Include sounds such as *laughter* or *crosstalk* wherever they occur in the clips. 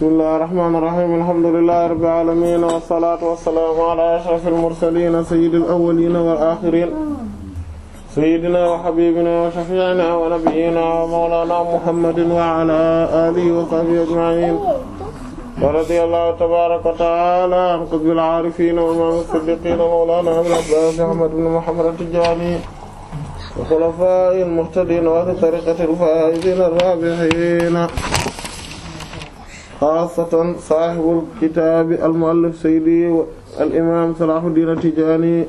bismillahir rahmanir rahim alhamdulillahi rabbil alamin wassalatu wassalamu ala ashrafil mursalin sayyidil awwalin wal akhirin sayyidina wa habibina wa shafi'ina wa nabiyyina wa mawlana muhammadin wa ala alihi wa sahbihi ajma'in wa radiyallahu tabaraka wa ta'ala an qutbil arifin wa imamil siddiqin mawlana abil abbas ahmad ibn muhammad at-tijani wa khulafa'il muhtadin wa tariqatil faizin ar-rabihin xaasatan saaxibul kitaabi almuallif saydi al imaam Salahuddin Tijaani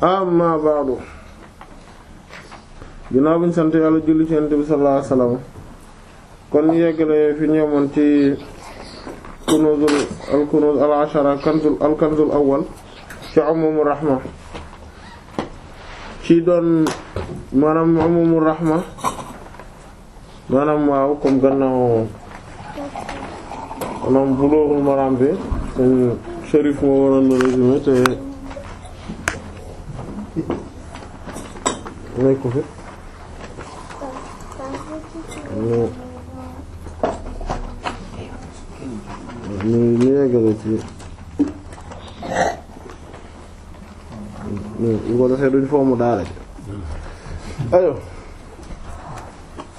amma ba'du ginnaaw biñ sant yàlla julli ci Yonent bi sallallahu kon ñu yeggale fi ñëwoon ci kunuuzul al kunuuz al ashara kanzul al kanzul awwal ci umumur rahma ci doon maanaam umumur rahma maanaam waaw comme gannaaw maanaam Bulughul Maram bi seen Chérif moo waroon na résumé te nekk ko fi ñu ñu yeggale ci ñu ko defee duñ foomu daara ji ayo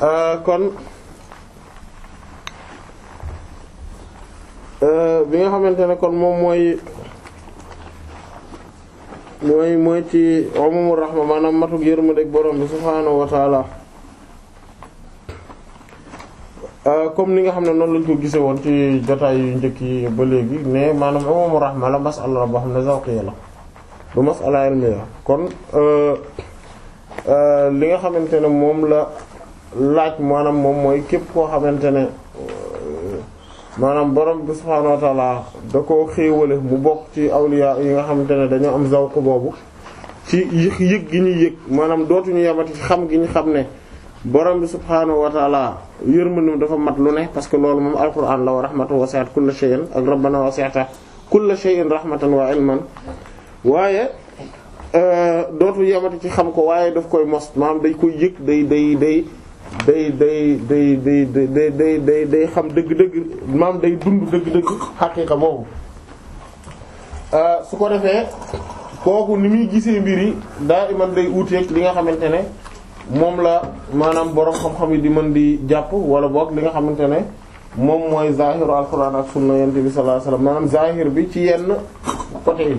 euh, kon Euh, bi nga xamante ne kon moom mooy mooy mooy ci umumu rahma maanaam matuk yërmande borom bi subhaanahu wa euh, comme li nga xam ne noonu lañ ko gise woon ci jotaay yu njëkk yi ba léegi ne maanaam umumu rahma la masala boo xam ne zawqiyya la du masala ilmiya kon euh, li nga xamante ne moom la laaj maanaam moom mooy képp koo xamante ne maanaam borom bi subhaanahu wa taala da koo xéewale mu bokk ci awliya yi nga xamante ne dañoo am zawq boobu ci yëg gi ñuy yëg maanaam dootuñu yamati xam gi ñu xam ne borom bi subhaanahu wa taala yërmandam dafa mat lu ne parce que loolu moom alquran la wa rahmatu wasi'at kulla shay'in ak rabbana wasi'ta kulla shay'in rahmatan wa euh, ci xam ko waaye daf koy mos maanaam dañ koy yëg day day day day day day day day day day day xam dëgg-dëgg maam day dund dëgg-dëgg xaqiiqa boobu euh, su ko defee kooku ni muy gisee mbir yi daa iman day uuteeg li nga xamante ne moom la maanaam borom xam-xam yi di mën di jàpp wala boog li nga xamante ne moom mooy zahiru alquran ak sunna yonent bi sallallahu alayhi wasallam maanaam zahir bi ci yenn côté yi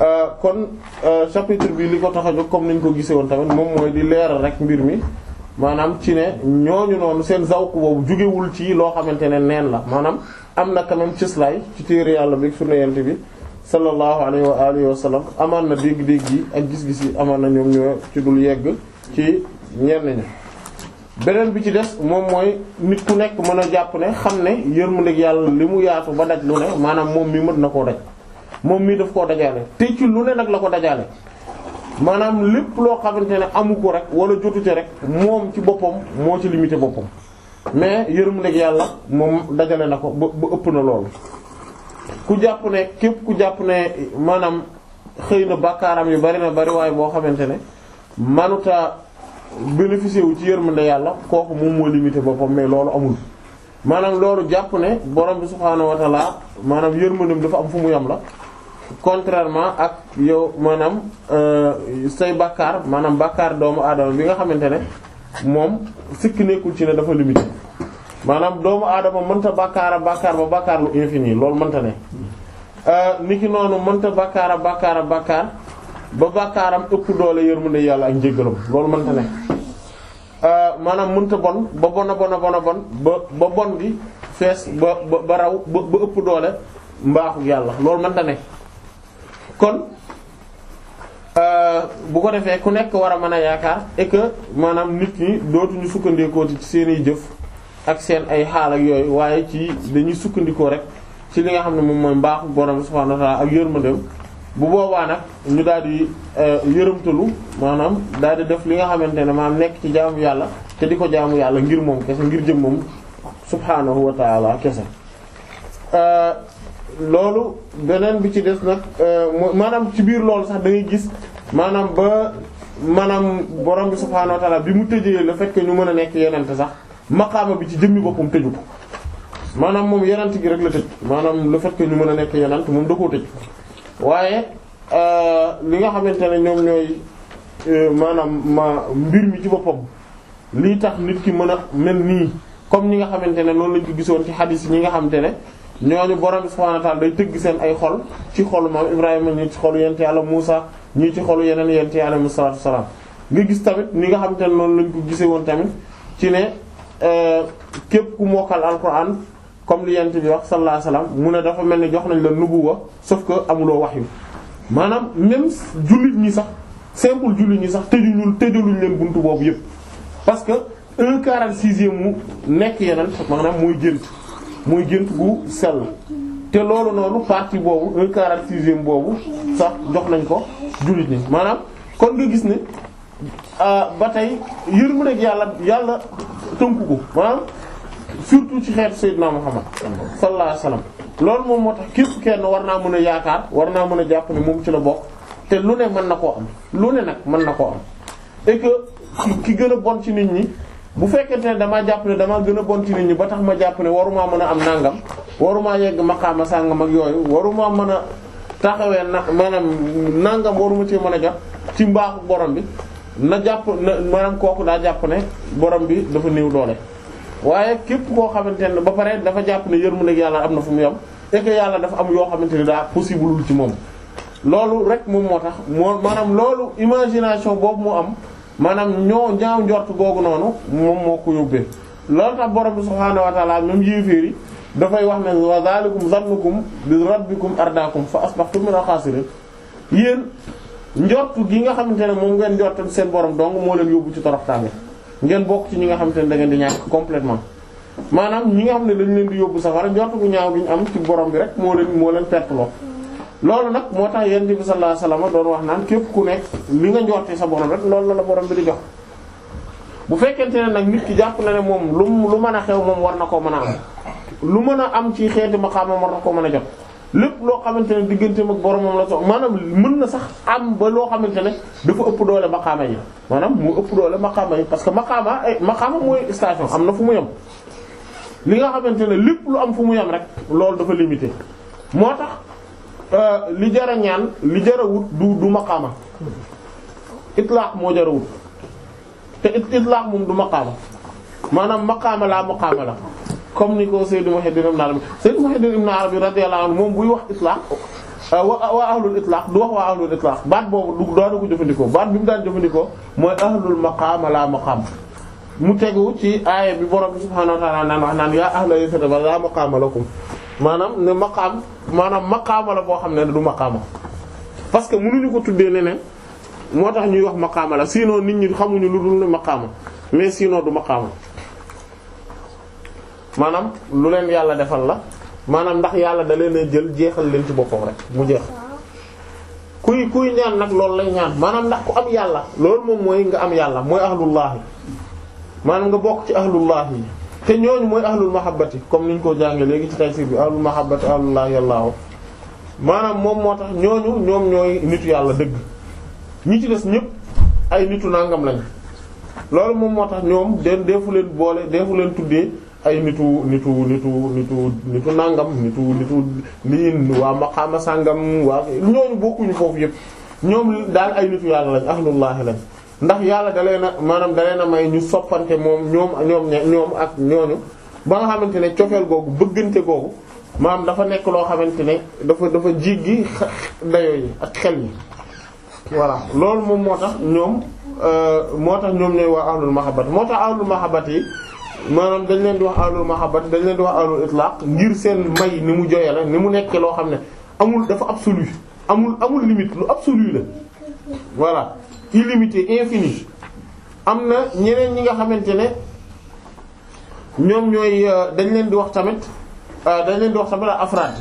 euh, kon euh, chapitre bi li ko tax a jóg comme niñ ko gisee woon tamit moom mooy di leeral rek mbir mi maanaam ci ne ñooñu noonu seen zawq boobu jugewul ci loo xamante ne neen la maanaam am na quand cislaay ci téere yàlla bi sunna yent bi sallallahu alayhi wa alihi amaan na dégg-dégg yi ak gis-gis yi amaan na ñoom ñoo ci dul yegg ci ñenn ñi beneen bi ci des moom mooy nit ku nekk mën a jàpp ne xam ne yërmandeeg yàlla li mu yaatu ba daj lu ne maanaam moom mii mën na koo daj moom mii daf koo dajaale te lu ne nag la ko dajaale maanaam lépp loo xamante ne amu ko rek wala jotu rek moom ci boppam moo ci limité boppam mais yërmandeeg yàlla moom dajale na ko ba ba ëpp na loolu. ku jàpp ne képp ku jàpp ne maanaam xëy na bàkkaaram yu bari na bari waaye boo xamante ne manuta bénéficier wu ci yërmande yàlla kooku moom moo limité boppam mais loolu amul. maanaam loolu jàpp ne borom bi subhaanahu wa ta'ala maanaam yërmandeem dafa am fu mu yam la. contrairement ak yow maanaam euh, say bàkkaar maanaam bàkkaar doomu aadama bi nga xamante ne moom sikk nekkul ci ne dafa limité maanaam doomu aadama mënta bàkkaara bàkkaar ba bàkkaar lu infini loolu mënta ne euh, niki noonu mënta bàkkaara bàkkaara bàkkaar ba bàkkaaram ëpp doole yërmande yàlla ak njéggalam loolu mënta ne euh, maanaam mënta bon ba bona bona a bon ba bon bi fees ba ba raw ba ëpp doole mbaaxu yàlla loolu mënta ne kon euh, bu ko defee ku nekk war a mën a yaakaar et que maanaam nit ñi dootuñu sukkandikoo ci seeni jëf ak seen ay xaal ak yooyu waaye ci dañuy sukkandikoo rek ci li nga xam ne moom mooy mbaaxu borom subhaanahu wa ta'ala ak yërmandeem bu boobaa nag ñu daal di euh, yërëmtalu maanaam daal di def li nga xamante ne maanaam nekk ci jaamu yàlla te di ko jaamu yàlla ngir moom kese ngir jëm moom subhaanahu wa kese. Euh, loolu beneen bi ci des nag euh, maanaam ci biir loolu sax da gis maanaam ba maanaam borom bi subhaanahu wa ta'aala bi mu tëjee le fait que ñu mën a nekk yenente sax maqaama bi ci jëmmi boppam tëju ko maanaam moom yenent gi rek la tëj maanaam le fait que ñu mën a nekk yenent moom da koo tëj waaye euh, li nga xamante ne ñoom ñooy euh, maanaam ma mbir mi ci boppam lii tax nit ki mën a mel nii comme ñi nga xamante ne loolu lañ ko gisoon ci xadiis yi ñi nga xamante ne ñooñu borom bi subhaanahu wa ta'aala day tëgg seen ay xol ci xolu maam Ibrahima ñii ci xolu yent yàlla Muusa ñii ci xolu yeneen yent yàlla alayhi salaatu wa salaam nga gis tamit ni nga xamante ne noonu lañ ko gisee woon tamit ci ne euh, képp ku mokkal alquran comme li yent bi wax sallallahu alayhi wasallam mu ne dafa mel ni jox nañ la nubuwa sauf que amuloo wax wahyu maanaam même jullit ñi sax simple jullit ñi sax tëjuñul tëjaluñ leen buntu boobu yépp parce que un quarante-sixième mu nekk yeneen maanaam mooy gént mooy jënt gu sell te loolu noonu partie boobu un e quarante-sixième boobu sax jox nañ ko jullit ñi maanaam kon nga gis ne ah, ba tey yërmandeeg yàlla yàlla tënku ko maanaam surtout ci xeetu Seydina Muhammad sallallahu alayhi wasallam loolu moom moo tax képp kenn war naa mën a yaakaar war naa mën a jàpp ne moom ci la bokk te lu ne mën na koo am lu ne nag mën na ko am et ki gën a bon ci nit ñi bu fekkente ne damaa jàpp ne damaa gën a bon ci nit ñi ba tax ma jàpp ne warumaa mën a am nangam warumaa yegg maqaama sàngam ak yooyu warumaa mën a taxawee na maanaam nangam waruma ci mën a jot ci mbaaxu borom bi na jàpp maanaam kooku daa jàpp ne borom bi dafa néew doole. waaye képp koo xamante ne ba pare dafa jàpp ne yërmandeeg yàlla am na fu mu yem et yàlla dafa am yoo xamante ne daa possible ci moom loolu rek moom moo tax moo maanaam loolu imagination boobu mu am. maanaam ñoo ñaaw njort googu noonu moom moo ko yóbbee lool tax borom bi subhaanahu wa ta'ala même yéeféer yi dafay wax ne wa zalikum zannukum bi rabbikum ardaakum fa asbahtum minal xaasiriin yéen njort gi nga xamante ne moom ngeen njortal seen borom dong moo leen yóbbu ci toroxtaange ngeen bokk ci ñi nga xamante ne da ngeen di ñàkk complètement maanaam ñi nga xam ne dañ leen di yóbbu safara njort gu ñaaw gi ñu am ci borom bi rek moo leen moo leen perteloo loolu nag moo tax yonent bi sallallahu alayhi wasallam doon wax naan képp ku nekk li nga njorte sa borom rek loolu la la borom bi di jox bu fekkente ne nag nit ki jàpp na ne moom lu lu mën a xew moom war na koo mën a am lu mën a am ci xeeti maqaama war na koo mën a jot lépp loo xamante ne digganteem ak boromam la soxla maanaam mën na sax am ba loo xamante ne dafa ëpp doole maqaama yi maanaam mu ëpp doole maqaama yi parce que maqaama ay mooy station am na fu mu yem. li nga xamante ne lépp lu am fu mu yem rek loolu dafa limité moo tax. Euh, li jar a ñaan li jar a wut du du maqaama itlaq moo jar a te itlaq moom du maqaama maanaam maqaama laa maqaama la comme ni ko Sayyid Muhammad ibn Arabi naa Muhammad ibn Arabi radiyallahu anhu moom buy wax itlaq euh, waa ahlul itlaq du wax waa ahlul itlaq baat boobu du daana ko jëfandikoo baat bi mu daan jëfandikoo mooy ahlul maqaama laa maqaama mu tegu ci aaya bi borom bi subhaanahu wa ta'aala naan wax naan yaa ahla yasrib laa maqaama lakum maanaam ne maqaam maanaam maqaama la boo xam ne du maqaama parce que mënuñu ko tuddee neneen moo tax ñuy wax maqaama la sinon nit ñi xamuñu lu dul ne maqaama mais sinon du maqaama maanaam lu leen yàlla defal la maanaam ndax yàlla da leen a jël jeexal leen ci boppam rek mu jeex kuy kuy ñaan nag loolu lay ñaan maanaam ndax ku am yàlla loolu moom mooy nga am yàlla mooy ahlullaahi maanaam nga bokk ci ahlullaahi te ñooñu mooy ahlul mahabbati comme ni ñu ko jànge léegi ci taysir bi ahlul mahabbati ahlullah yàllaahu maanaam moom moo tax ñooñu ñoom ñooy nitu yàlla dëgg ñi ci des ñëpp ay nitu nangam lañ loolu moom moo tax ñoom den deefu leen boole deefu leen tuddee ay nitu nitu nitu nitu nitu nangam nitu nitu liin waa maqaama sàngam waa ñooñu bokkuñu foofu yëpp ñoom daal ay nitu yàlla lañ ahlullahi lañ ndax yàlla da leen a maanaam da leen a may ñu soppante moom ñoom ñoom ñoom ak ñooñu ba nga xamante ne cofeel googu bëggante googu maanaam dafa nekk loo xamante ne dafa dafa jiggi dayo yi ak xel yi voilà loolu moom moo tax ñoom euh, moo tax ñoom ñooy waa ma mahabbat moo tax ahlul mahabbat yi maanaam dañ leen di wax ahlul mahabbat dañ leen di wax ahlul itlaq ngir seen may ni mu joye la ni mu nekkee loo xam ne amul dafa absolu amul amul limite lu absolu la voilà illimité infini am na ñeneen ñi nga xamante ne ñoom ñooy euh, dañ leen di wax tamit euh, dañ leen di wax tamit a afraad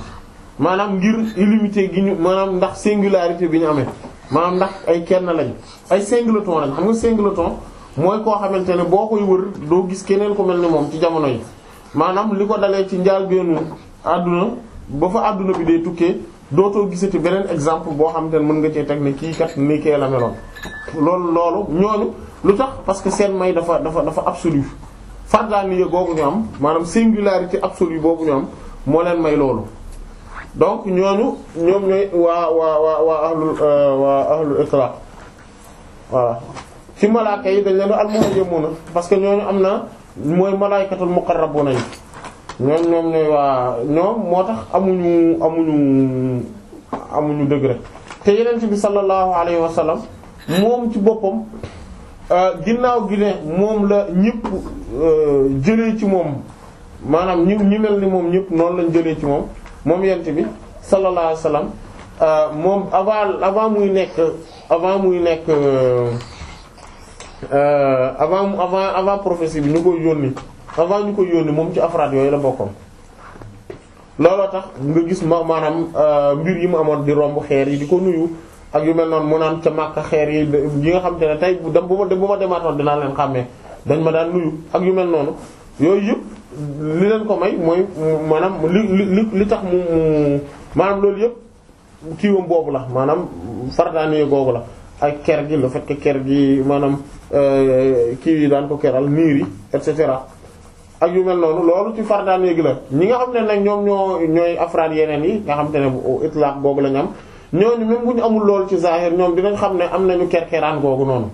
maanaam ngir illimité gi ñu maanaam ndax singularité bi ñu amee maanaam ndax ay kenn lañ ay singleton lañ xam nga singleton mooy koo xamante ne boo koy wër doo gis keneen ko mel ni moom ci jamono yi maanaam li ko dalee ci njaal bennu àdduna ba fa àdduna bi dee tukkee dootoo gisati beneen exemple boo xam te ne mën nga cee teg ne kii kat ni kee la meloon loolu loolu ñooñu lu tax parce que seen may dafa dafa dafa absolu fardaaniya googu ñu am maanaam singularité absolue boobu ñu am moo leen may loolu donc ñooñu ñoom ñooy waa waa waa waa ahlul euh, waa ahlul yi dañ leen al muhajiruna parce que ñooñu am na mooy malaaykatul muqarrabuna yi ñoom ñoom ñooy waa ñoom moo tax amuñu amuñu amuñu degré te yeneen bi sallallahu alayhi wa sallam moom ci boppam euh, ginnaaw gi ne moom la ñëpp euh, jëlee ci moom maanaam ñi ñi mel ni moom ñëpp noonu lañ jëlee ci moom moom yent bi sallallahu alayhi euh, moom avant avant muy nekk avant muy nekk avant avant avant prophétie bi ñu koy yónni avant ñu koy yónni moom ci afraad yooyu la bokkoon looloo tax nga gis ma maanaam euh, mbir yi mu amoon di romb xeer yi di ko nuyu ak yu mel noonu mu naan ca Makka xeer yi yi nga xam te ne tey bu dem bu ma bu ma demaatoon dinaa leen xàmmee dañ ma daan nuyu ak yu mel noonu yooyu yëpp li leen ko may mooy maanaam li li li tax mu maanaam loolu yëpp kiiwam boobu la maanaam farataanee googu la ak ker gi lu fait que ker gi maanaam euh, kii yi daan ko keral niir yi et cetera. ak yu mel noonu loolu ci farataal léegi la ñi nga xam ne nag ñoom ñoo ñooy afraad yeneen yi nga xam ne bu itlaq googu la ñu am ñooñu même bu ñu amul loolu ci zahir ñoom dinañ xam ne am nañu kerkeraan googu noonu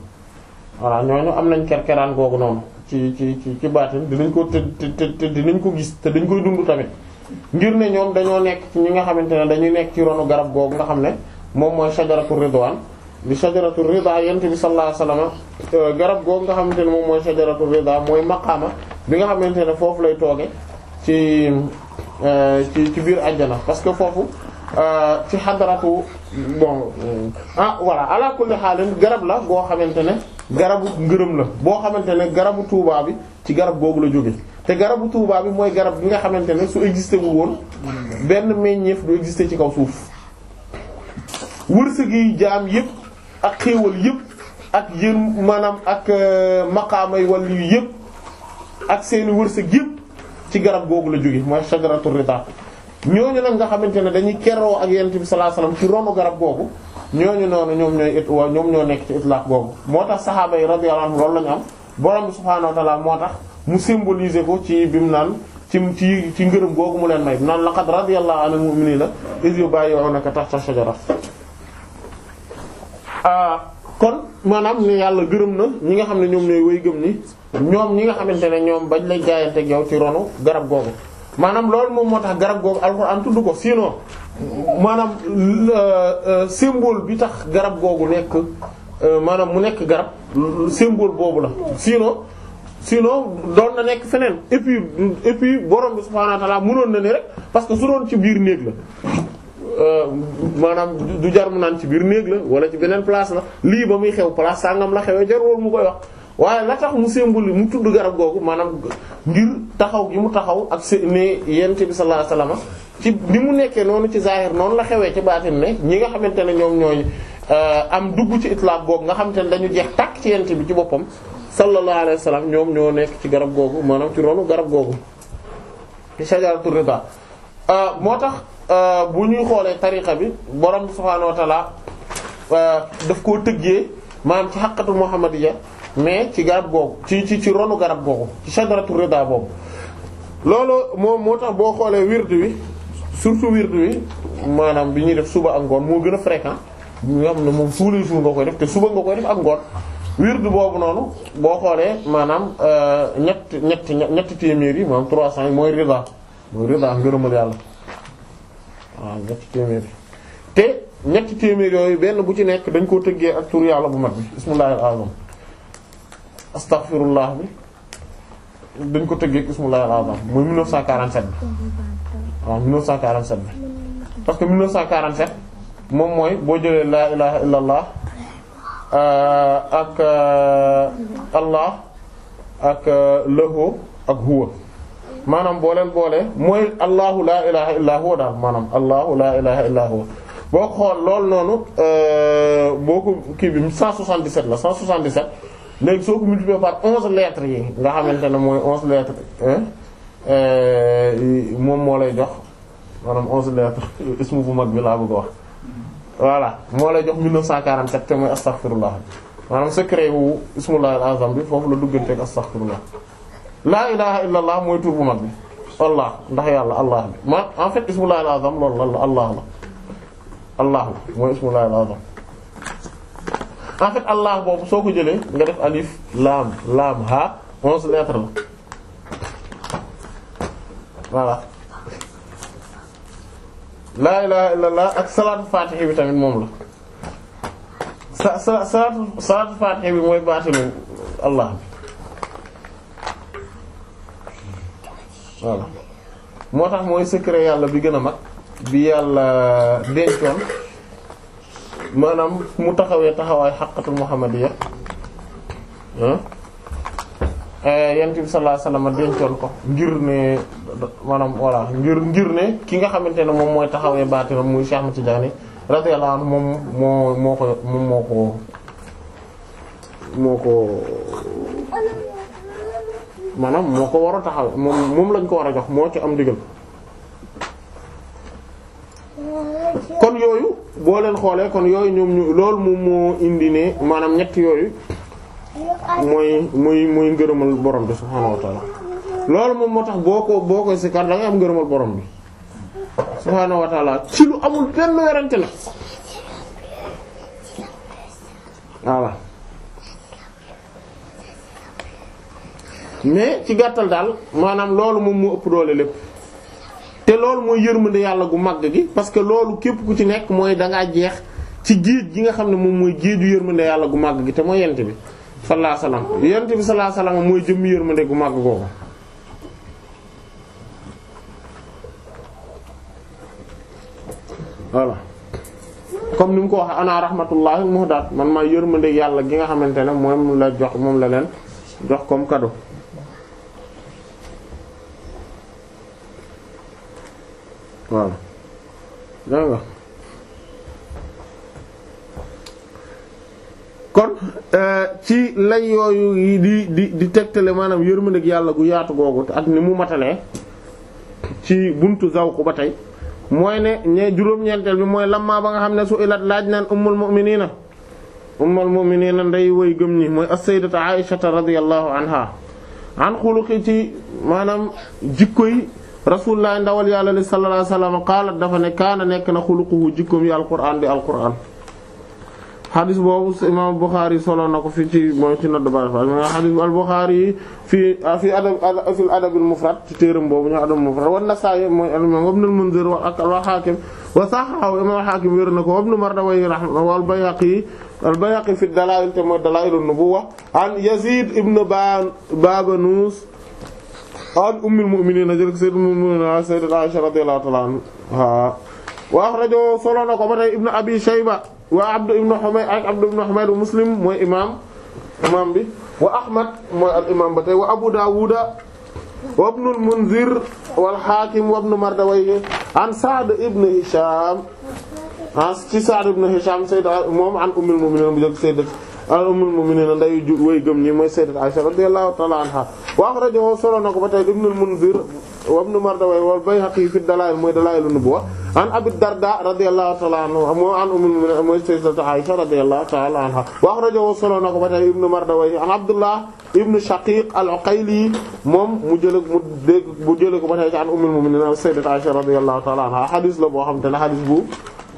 voilà ñooñu am nañ kerkeraan googu noonu ci ci ci ci baatin dinañ ko te te te dinañ ko gis te dañ koy dund tamit ngir ne ñoom dañoo nekk ci ñi nga xamante ne dañuy nekk ci ronu garab googu nga xam ne moom mooy shajaratu ridwaan bi shajaratu rida yent bi sallallahu alayhi wasallam euh, garab googu nga xamante ne moom mooy shajaratu rida bi nga xamante ne foofu lay tooge ci euh, ci ci biir àjjana parce que foofu euh, ci xadaratu bon ah voilà ala xaalin garab la boo xamante ne garabu ngërëm la boo xamante ne garabu tuubaa bi ci garab googu la jóge te garabu tuubaa bi mooy garab bi nga xamante ne su existé wu woon benn meññeef du existé ci kaw suuf wërsëg yi jaam yépp ak xéewal yépp ak yër maanaam ak euh, maqaamay wàll yu yépp ak seeni wërsëg yëpp ci garab googu la jóge mooy shajaratu rita ñooñu nag nga xamante ne dañuy keroo ak yonent bi sallallahu alayhi wasallam ci ronu garab googu ñooñu noonu ñoom ñooy it waa ñoom ñoo nekk ci itlaq googu moo tax saxaaba yi radiyallahu anhum loolu la ñu am borom bi subhaanahu wa ta'ala moo tax mu symboliser ko ci bi mu naan ci ci ci ngërëm googu mu leen may naan laqad radiyallahu 'anil mu'minina iz yubayyi'unaka tahta shajara ah. kon maanaam ne yàlla gërëm na ñi nga xam ne ñoom ñooy way gëm ni ñoom ñi nga xamante ne ñoom bañ lay jaayante ak yow ci ronu garab googu maanaam loolu moom moo tax garab googu am tudd ko sinon maanaam euh, euh, symbole bi tax garab googu nekk euh, maanaam mu nekk garab symbole boobu la sinon sinon doon na nekk feneen et puis et borom bi subhaanahu wa ta'aala na ni rek parce que su doon ci biir néeg la Euh, maanaam du jar mu naan ci biir néeg la wala ci beneen place la lii ba muy xew place sàngam la xewee jarul mu koy wax waaye la tax mu symbole mu tudd garab googu maanaam ngir taxaw gi mu taxaw ak se ne yent bi sallallahu alayhi wasallam ci bi mu nekkee noonu ci zahir noonu la xewee ci baatin ne ñi nga xamante ne ñoom ñooy euh, am dugg ci itlaq googu nga xamante ne dañu jeex tàkk ci yent bi ci boppam sallallahu alayhi wasallam ñoom ñoo nekk ci garab googu maanaam ci ronu garab googu Euh, bu ñuy xoolee tariqa bi borom subhaanahu wa ta'ala euh, daf koo tëggee maanaam ci xaqatu muhammadiyya mais ci garab googu ci ci ci ronu garab googu ci shajaratu rida boobu. loolu moom moo tax boo xoolee wirdu wi surtout wirdu wi maanaam bi ñuy def suba ak ngoon moo gën a fréquent nga xam ne moom tous les jours nga koy def te suba nga koy def ak ngoon. wirdu boobu noonu boo xoolee maanaam euh, ñett ñett ñetti téeméer yi moom maanaam 300 mooy rida mooy rida ngërëmal yàlla. waaw ñetti téeméer te yooyu benn bu ci nekk dañ koo tëggee ak tur yàlla bu mag bi bismillahil azam bi dañ ko tëggee ak bismillahil azam mooy 1947 bi waaw 1947 bi parce que 1947 moom mooy boo jëlee laa ilaha illallah euh, ak euh, allah ak euh, lahu ak huwa maanaam boo leen boolee mooy allahu laa ilaha illa daal maanaam allahu laa ilaha illa boo xool loolu noonu euh, boo ko kii bi 177 la 177 léegi soo ko multiplier par 11 lettres yi nga xamante ne mooy 11 lettres euh, moom moo lay jox manaam 11 lettres ismu bu mag bi laa bëgg a wax voilà moo lay jox 1947 te mooy astaghfirullah maanaam secret wu ismullahil azam bi foofu la duggante ak astaghfirullah laa ilaha illa mooy tur bu mag bi allah ndax yàlla allah bi ma en fait ismullahi la allah la allah mooy ismullahi al azam en allah boobu soo ko jëlee nga def alif laam laam ha onze lettres la voilà laa ilaha illa allah ak salaatu fatihi bi tamit moom la sa sa bi mooy baatilu allah voilà moo tax mooy secret yàlla bi gën a mag bi yàlla dencoon maanaam mu taxawee taxawaay xaqatul muhammadiya eh, yent bi sallallahu alayhi wasallam dencoon ko ngir ne maanaam voilà ngir ngir ne ki nga xamante ne moom mooy taxawee baatinam muy Cheikh Ahmad Tidiane radiyallahu anhu moom moo moo ko moo ko moo ko maanaam moo ko war a taxaw moom lañ ko war a jox moo ci am ndigal kon yooyu boo leen xoolee kon yooyu ñoom ñu loolu moom moo indine ne maanaam ñett yooyu mooy muy muy ngërëmal borom bi subhaanahu wa loolu moom moo tax boo ko boo koy sikar da ngay am ngërëmal borom bi subhaanahu wa ci lu amul benn werante la voilà mais ci gàttal daal maanaam loolu moom moo ëpp doole lépp te loolu mooy yërmande yàlla gu màgg gi parce que loolu képp ku ci nekk mooy dangaa jeex ci géej gi nga xam ne moom mooy géeju yërmande yàlla gu màgg gi te mooy yent bi sallallahu alayhi wasallam yent bi sallallahu alayhi wasallam mooy jëmm yërmande gu màgg googu voilà comme ni mu ko waxee ana rahmatullah muhdat man maa yërmande yàlla gi nga xamante ne moom la jox moom la leen jox comme cadeau waaw kon euh, ci lay yooyu di di di tegtale maanaam yërmandeeg yàlla gu yaatu googu ak ni mu matalee ci buntu zawq ba tey mooy ne ñee juróom-ñeenteel bi mooy lamma ba nga xam ne su ilat laaj naan ummul mu'minina ummul mu'minina nday woy gëm ñi mooy as-sayyidatu Aisha radiyallahu anha an xuluqi ci maanaam jikko rasulullah ndawal yàlla li sallallahu alayhi wasallam dafa ne kaana nekk na xuluquhu jikkoom yi alquran di alquran xadis boobu imaam Buxaari solo na ko fii ci mooy ci nodd bari fa nga xadis ah, al Buxaari yi ci téeram boobu ñu adab mufrad wa Nasaa'i mooy imaam Ibnul Munzir wa ak al Xaakim wa saxxahu imaam Xaakim wér na ko Ibnu Mardawayh rahmahu wal Bayhaqi al Bayhaqi fi dalaa'il te mooy dalaa'ilun nubuwwa an Yaziid ibn Baabanus an ummil mu'minin a jël sayyidul mu'minin sayyidat Aisha radiyallahu ta'ala anha wa akhrajahu solo na ko ba tey ibnu abi shayba wa abdu ibnu humayd ak abdu ibnu humayd muslim mooy imam imam bi wa ahmad mooy al imam ba tey wa abu dawuda wa ibnul munzir wal hakim wa ibnu mardawayh an sa'd ibnu hisham an ci sa'd ibnu hisham sayyid moom an ummil mu'minin bu jël sayyidat al ummul mu'minin nday way gëm ñi mooy sayyidat Aisha radiyallahu ta'ala anha wa akhrajahu solo na ko ba tey ibnul Munzir wa Bayhaqi fi dalaa'il mooy dalaa'ilun nubuwwa an Abi Darda radiyallahu ta'ala anhu moo an ummul mu'minin mooy sayyidat Aisha radiyallahu ta'ala anha wa akhrajahu solo na ko ba tey ibn Mardawayh an Abdullah ibn Shaqiq al-Uqayli moom mu jële mu dégg mu jële ko ba an ummul mu'minin sayyidat Aisha radiyallahu ta'ala anha hadith la boo xam te ne hadith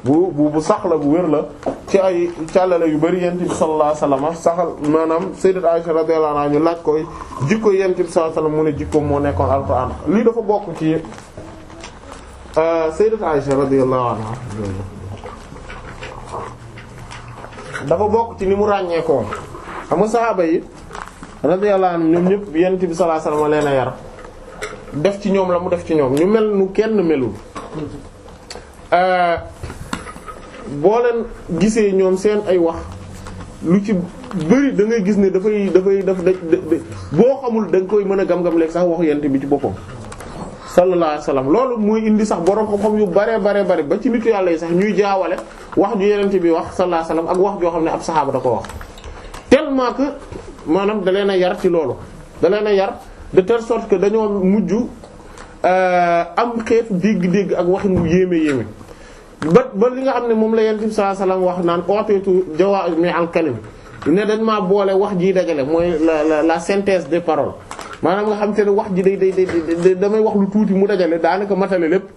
bu bu bu sax la bu wér la ci ay càllale yu bari yent bi sallallahu alayhi wasallam saxal maanaam sayyidat Aisha radiyallahu anha ñu laaj koy jikko yent bi sallallahu alayhi wasallam mu ne jikko moo nekkoon alquran lii dafa bokk ci euh, sayyidat Aisha radiyallahu anha dafa bokk ci ni mu ràññeekoo ama nga saxaaba yi radiyallahu anhum ñoom ñëpp yent bi salaa alayhi wasallam leen a yar def ci ñoom la mu def ci ñoom ñu mel nu kenn melul euh, boo leen gisee ñoom seen ay wax lu ci bëri da ngay gis ne dafay dafay daf da boo xamul da koy mën a gam-gam leeg sax waxu yent bi ci boppam sallallahu alayhi wasallam loolu mooy indi sax borom xam yu bare bare bare ba ci nitu yàlla yi sax ñuy jaawale wax ju yenente bi wax sallallahu alayhi wasallam ak wax joo xam ne ab saxaaba da ko wax tellement que maanaam da leen a yar ci loolu da leen a yar de telle sorte que dañoo mujj euh, am xeetu dégg-dégg ak waxin bu yéeme yéeme ba ba li nga xam ne moom la yonent bi sallallahu alayhi wasallam wax naan ooteetu jawaami al kalim ne dañ maa boole wax ji dajale mooy la la la synthèse des paroles maanaam nga xam te ne wax ji day day day damay wax lu tuuti mu dajale daanaka matale lépp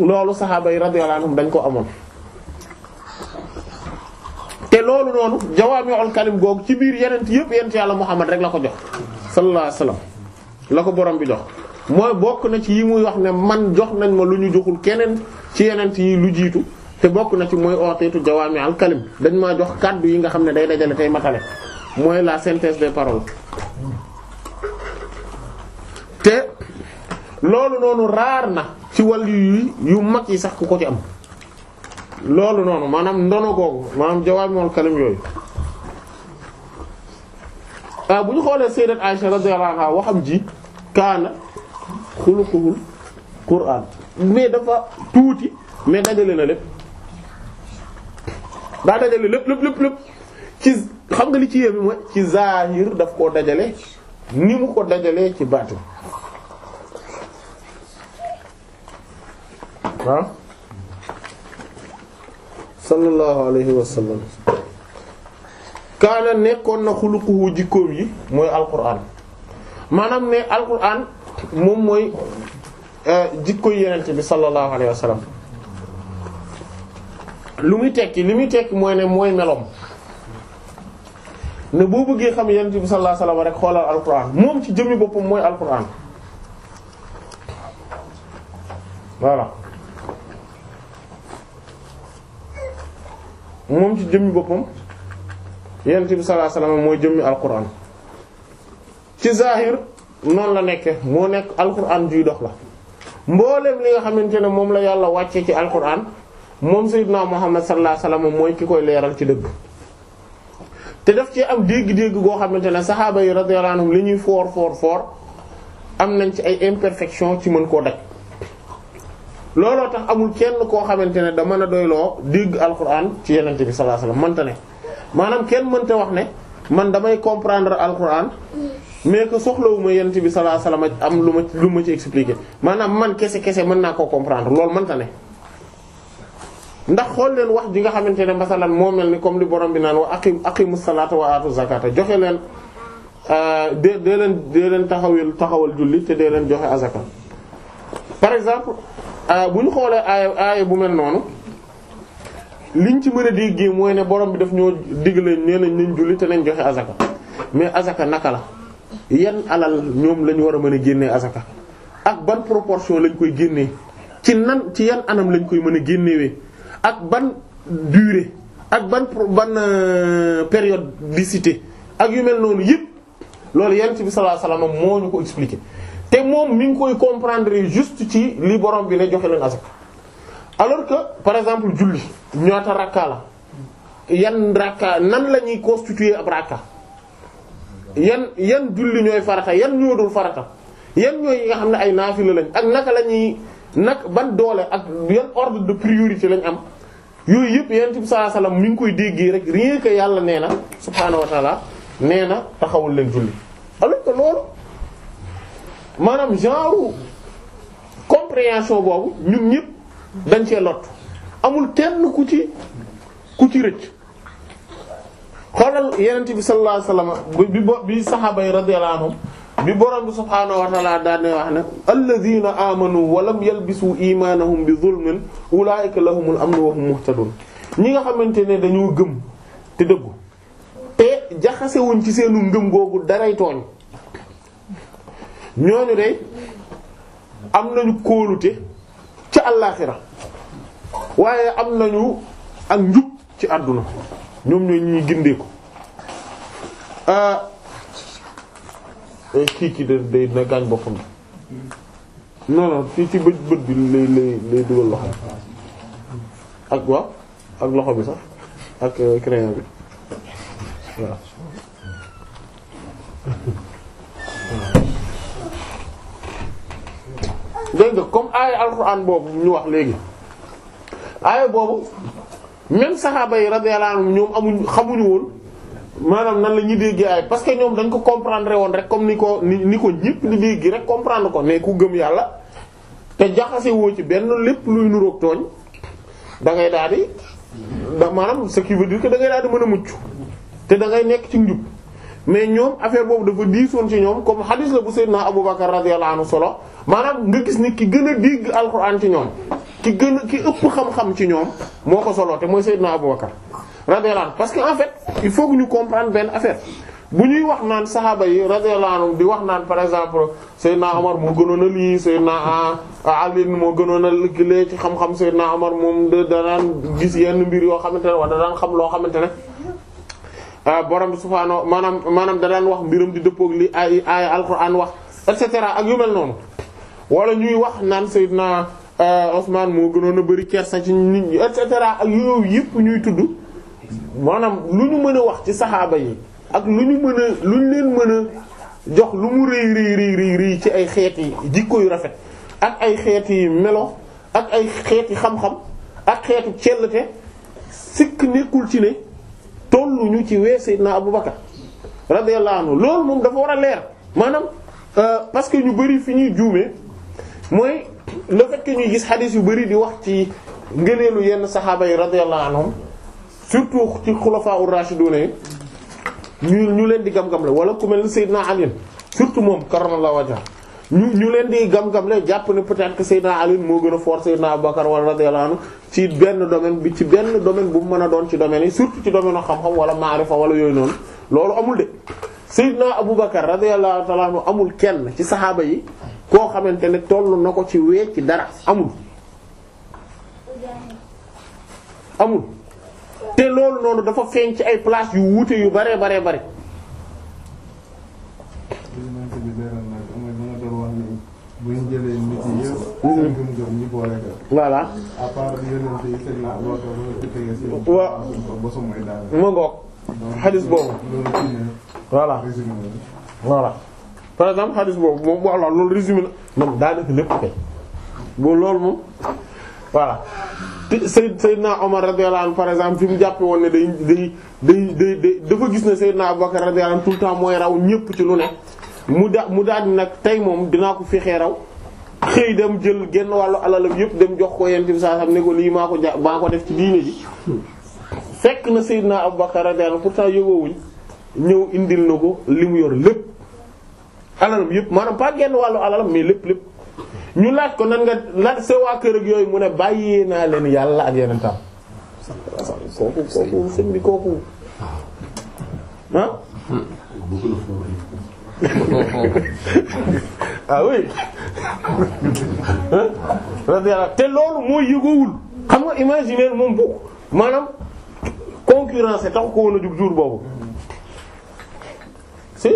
loolu saxaaba yi radiyallahu anhum dañ ko amoon. te loolu noonu jawaami'ul kalim googu ci biir yeneen yëpp yonent yàlla Muhammad rek la ko jox sallallahu alayhi wasallam la ko borom bi jox. mooy bokk na ci yi muy wax ne man jox nañ ma lu ñu joxul keneen ci yenent yi lu jiitu te bokk na ci mooy ooteetu jawaami al kalim dañ maa jox kàddu yi nga xam ne day dajale tey matale mooy la synthèse des paroles te loolu noonu raar na ci wàll yu yu mag yi sax ku ko ci am loolu noonu maanaam ndono googu maanaam jawaami al kalim yooyu waaw ah, bu ñu xoolee sayyidat Aisha radiyallahu anha waxam ji kaana xuluquhul Qur'an mais dafa tuuti mais dajale na lépp daa dajale lépp lépp lépp ci xam nga li ci yéeme mooy ci zahir daf koo dajale ni mu ko dajale ci baatu waaw sallallahu alayhi wa kaana nekkoon na xuluquhu jikkoom yi mooy alquran maanaam ne alquran moom mooy euh, jikko yenente bi sallallahu alayhi wa sallam lu muy tekki li muy tekki mooy ne mooy meloom ne boo bëggee xam yenente bi sallallahu alayhi wa sallam rek xoolal alquran moom ci jëmmi boppam mooy alquran voilà moom ci jëmmi boppam yenente bi sallallahu alayhi mooy jëmmi alquran ci zahir noonu la nekke moo nekk alquran juy dox la mboolem li nga xamante ne moom la yàlla wàcce ci alquran moom sayyidna muhammad sallallahu alayhi wasallam mooy ki koy leeral ci dëgg te daf ci am dégg-dégg goo xamante ne saxaaba yi radiyallahu anhum li ñuy foor foor foor am nañ ci ay imperfection ci mën koo daj looloo tax amul kenn koo xamante ne da mën a doyloo dégg alquran ci yenente bi sallallahu alayhi wasallam mënta ne maanaam kenn mënta wax ne man damay comprendre alquran mais que soxlawuma yent bi sallallahu alayhi wasallam am lu ma lu ma ci expliquer maanaam man kese kese mën naa koo comprendre loolu mënta ne. ndax xool leen wax ji nga xamante ne masalan moo mel ni comme li borom bi naan wa aqim aqimu salaata wa aatu zakata joxe leen euh, dee dee leen dee leen taxawil taxawal julli te dee leen joxe azaka par exemple euh, bu ñu xoolee aaya aaya bu mel noonu li ñu ci mën a déggee mooy ne borom bi daf ñoo digle nee nañ nañ julli te nañ joxe azaka mais azaka naka la. yan alal ñoom la ñu war a mën a génnee asaka ak ban proportion lañ koy génne ci nan ci yan anam lañ koy mën a génnewee ak ban durée ak ban ban euh, période périodicité ak yu mel noonu yëpp loolu yent bi sallallahu alayhi moo ñu ko expliquer te moom mi ngi koy comprendre juste ci li borom bi ne joxe leen asaka alors que par exemple julli ñaata rakka la yan rakka nan la ñuy constituer ab rakka yan yan julli ñooy farata yan ñoo dul farata yan ñooy yi nga xam ne ay naafila lañ ak naka la ñuy nag ban doole ak yan ordre de priorité lañ am yooyu yëpp yonent bi sallallahu alayhi ngi koy déggee rek rien que yàlla nee na subhaanahu wa taala nee na taxawul leen julli alors que loolu maanaam genre compréhension boobu ñun ñëpp dañ cee lott amul kenn ku ci ku ci rëcc xoolal yenent bi sallallahu alayhi wasallam bi bi saxaaba bi borom bi subhaanahu wa ta'ala daane wax ne alladhina amanu wa lam yalbisu imanahum bi zulmin ulaa'ika lahumul amnu wa hum muhtadun ñi nga xamante ne dañoo gëm te dëggu te jaxasewuñ ci seenu ngëm googu daray tooñ ñooñu de am nañu kóolute ci àllaaxira waaye am nañu ak njub ci àdduna ñoom ñooy ñuy gindeeku ko ah, eh, kii ki da day na gaañ boppam non non ci ci bët bët bi lay lay lay dugal loxo ak waaw ak loxo bi sax ak eh, crayon bi waaw dégg nga comme aaya alxuraan boobu ñu wax léegi aaya boobu même saxaaba yi radiyallahu anhum ñoom amuñ xamuñu woon maanaam nan la ñuy déggee ay parce que ñoom dañ ko comprendre woon rek comme ni ko ni ni ko ñëpp di dégg rek comprendre ko mais ku gëm yàlla te jaxase woo ci benn lépp luy nuroog tooñ da ngay daal di ndax maanaam ce qui veut ko que da daal di mën a mucc te da ngay nekk ci njub mais ñoom affaire boobu dafa diisoon ci ñoom comme hadith la bu Seydina Abubakar radiyallahu anhu solo maanaam nga gis nit ki gën a dégg alxuraan ci ñoom. ki gën ki ëpp xam-xam ci ñoom moo ko solo te mooy Seydina Abu Bakar radiyallahu parce que en fait il faut que ñu comprendre benn affaire bu ñuy wax naan saxaaba yi radiyallahu anhum di wax naan par exemple Seydina Omar moo gënoon a lii Seydina ah, ah, Ali moo gënoon a lëkkale ci xam-xam Seydina Omar moom da gis yenn mbir yoo xamante ne wala da daan loo xamante ne. Ah, borom bi subhaanahu maanaam maanaam da wax mbiram di dëppoog li ay ay alxuraan wax et cetera ak yu mel Euh, Ousmane moo gënoon a bëri kersa ci nit ñi et cetera ak yooyu yëpp ñuy tudd maanaam lu ñu mën a wax ci saxaaba yi ak lu ñu mën a lu ñu leen mën a jox lu mu rëy rëy rëy rëy ci ay xeeti jikko yu rafet ak ay xeeti melo ak ay xeeti xam-xam ak xeetu cellate sikk nekkul ci ne ñu ci wee Seydina Abubakar radiyallahu anhu loolu moom dafa war a leer maanaam euh, parce que ñu bëri fi ñuy juumee mooy. le fait ñuy gis xadis yu bari di wax ci ngëneelu yenn saxaaba yi radiyallahu anhum surtout ci xulafaa ur raashiduna yi ñu ñu leen di gam-gamle wala ku mel ni Seydina Ali surtout moom karramallahu wajha ñu ñu leen di gam-gamle jàpp ne peut-être que Seydina Ali moo gën a fort Seydina Abubakar wala radiyallahu anhu ci benn domaine bi ci benn domaine bu mu mën a doon ci domaine yi surtout ci domaine xam-xam wala maarifa wala yooyu noonu loolu amul de Seydina Abubakar radiyallahu ta'ala anhu amul kenn ci saxaaba yi koo xamante ne toll na ko ci wecc dara amul amul te loolu noonu dafa feeñ ci ay place yu wuute yu bare bare bare bu ñu jëlee nit yi waaw bosom mooy boobu. voilà. voilà. par exemple xadis boobu moom voilà loolu résumé na moom daanaka lépp kay boo loolu Seyd Seydina Omar par exemple fi mu jàppe woon ne day day day gis ne Seydina Abubakar radiyallahu tout le temps mooy raw ñëpp ci lu mu da mu daal nag tey moom dinaa ko fexee raw dem jël genn wàllu alalam yëpp dem jox ko yent bi saa xam lii maa ko ja maa ko def ci diine ji fekk na Seydina Abubakar radiyallahu pour pourtant yóbboowuñ ñëw indil na ko li mu yor lépp alalam yëpp maanaam pas genn wàllu alalam mais lépp lépp ñu laaj ko nan nga laaj sa waa kër ak yooyu mu ne bàyyee naa leen yàlla ak yeneen tam. kooku kooku sëñ bi kooku ah. *laughs* ah oui te loolu mooy yëgoowul xam nga imaginer moom bu maanaam concurrence tax ko woon jug jour boobu si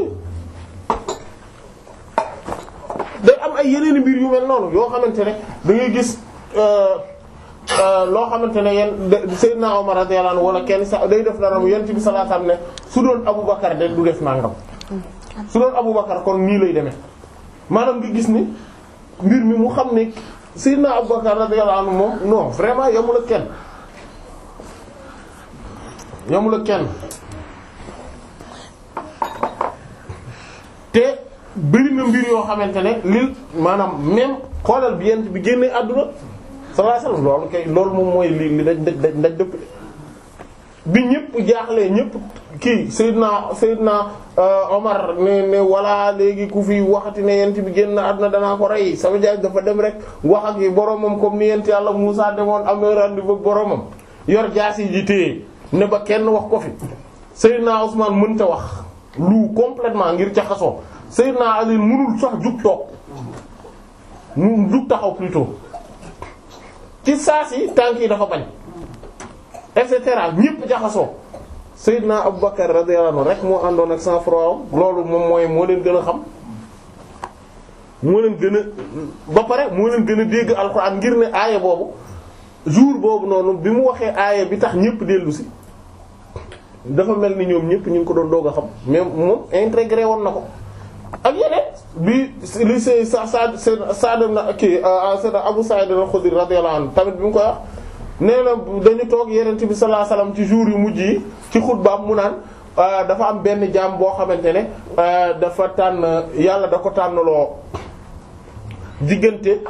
day am ay yeneeni i mbir yu mel noonu yoo xamante ne da ngay gis euh, euh, loo xamante ne yéen Seydina Omar radiyallahu anhu wala kenn sa day def dara mu yéen ci bi sallallahu alayhi wasallam ne su doon Aboubacar de du def nangam. su doon Aboubacar kon nii lay demee maanaam nga gis ni mbir mi mu xam ne Seydina Aboubacar radiyallahu anhu moom non vraiment yamul ak kenn yamul ak kenn te. bëri na mbir yoo xamante ne lil maanaam même xoolal bi yent bi génnee àdduna sallallahu loolu kay loolu moom mooy lii li daj dañ daj dëpp bi ñëpp jaaxlee ñëpp kii Seydina Seydina euh, Omar ne ne walla léegi ku fi waxati ne yent bi génn àdduna danaa ko rey sama jaaj dafa dem rek wax ak yi boromam comme ni yent yàlla Muusaa demoon am na rendez-vous boromam yor jaasi ji téye ne ba kenn wax ko fi Seydina Usmaan mënta wax lu completement ngir caxasoo Seydina Ali mënul sax jug toog mu jug taxaw plutôt ci saa si tànk yi dafa bañ et cetera ñëpp jaxasoo Seydina Aboubacar radiyallahu anhu rek moo àndoon ak sang-froid loolu moom mooy moo leen gën a xam moo leen gën a ba pare moo leen gën a dégg alxuraan ngir ne aaya boobu jour boobu noonu bi mu waxee aaya bi tax ñëpp dellu si dafa mel ni ñoom ñëpp ñu ngi ko doon doog a xam mais moom intégré woon na ko. ak yeneen bi li say sa sa sadem na kii euh, ah, sena Abu Sa'id al-Khudri radiyallahu anhu tamit bi mu koy wax nee na dañu toog yenent bi sallallahu alayhi ci jour yu mujj yi ci xutbaam mu naan euh, dafa am benn jaam boo xamante ne euh, dafa tànn yàlla da ko tànnloo diggante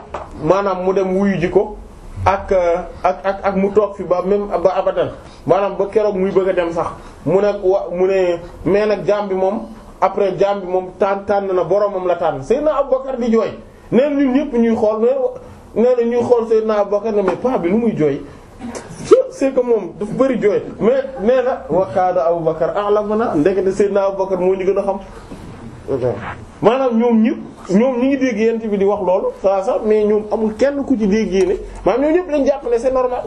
maanaam mu dem wuyu ko ak ak ak ak mu toog fi ba même ba abadan maanaam ba keroog muy bëgg a dem sax mu ne wa mu ne nag jaam bi moom après jaam bi moom tànn tànn na boromam la tànn Seydina Abubakar di jooy nee na ñun ñëpp ñuy xool neen na ñuy xool Seydina Abubakar ne mais paa bi lu muy jooy c'est que moom dafa bëri jooy mais nee na wakaada Abubakar a'lamana ndekete Seydina Abubakar moo ñu gën a xam maanaam ñoom ñëpp ñoom ñi ngi dégg yent bi di wax loolu saa sax mais ñoom amul kenn ku ci dégg yéene maa ñoom ñëpp lañ jàpp ne c'est normal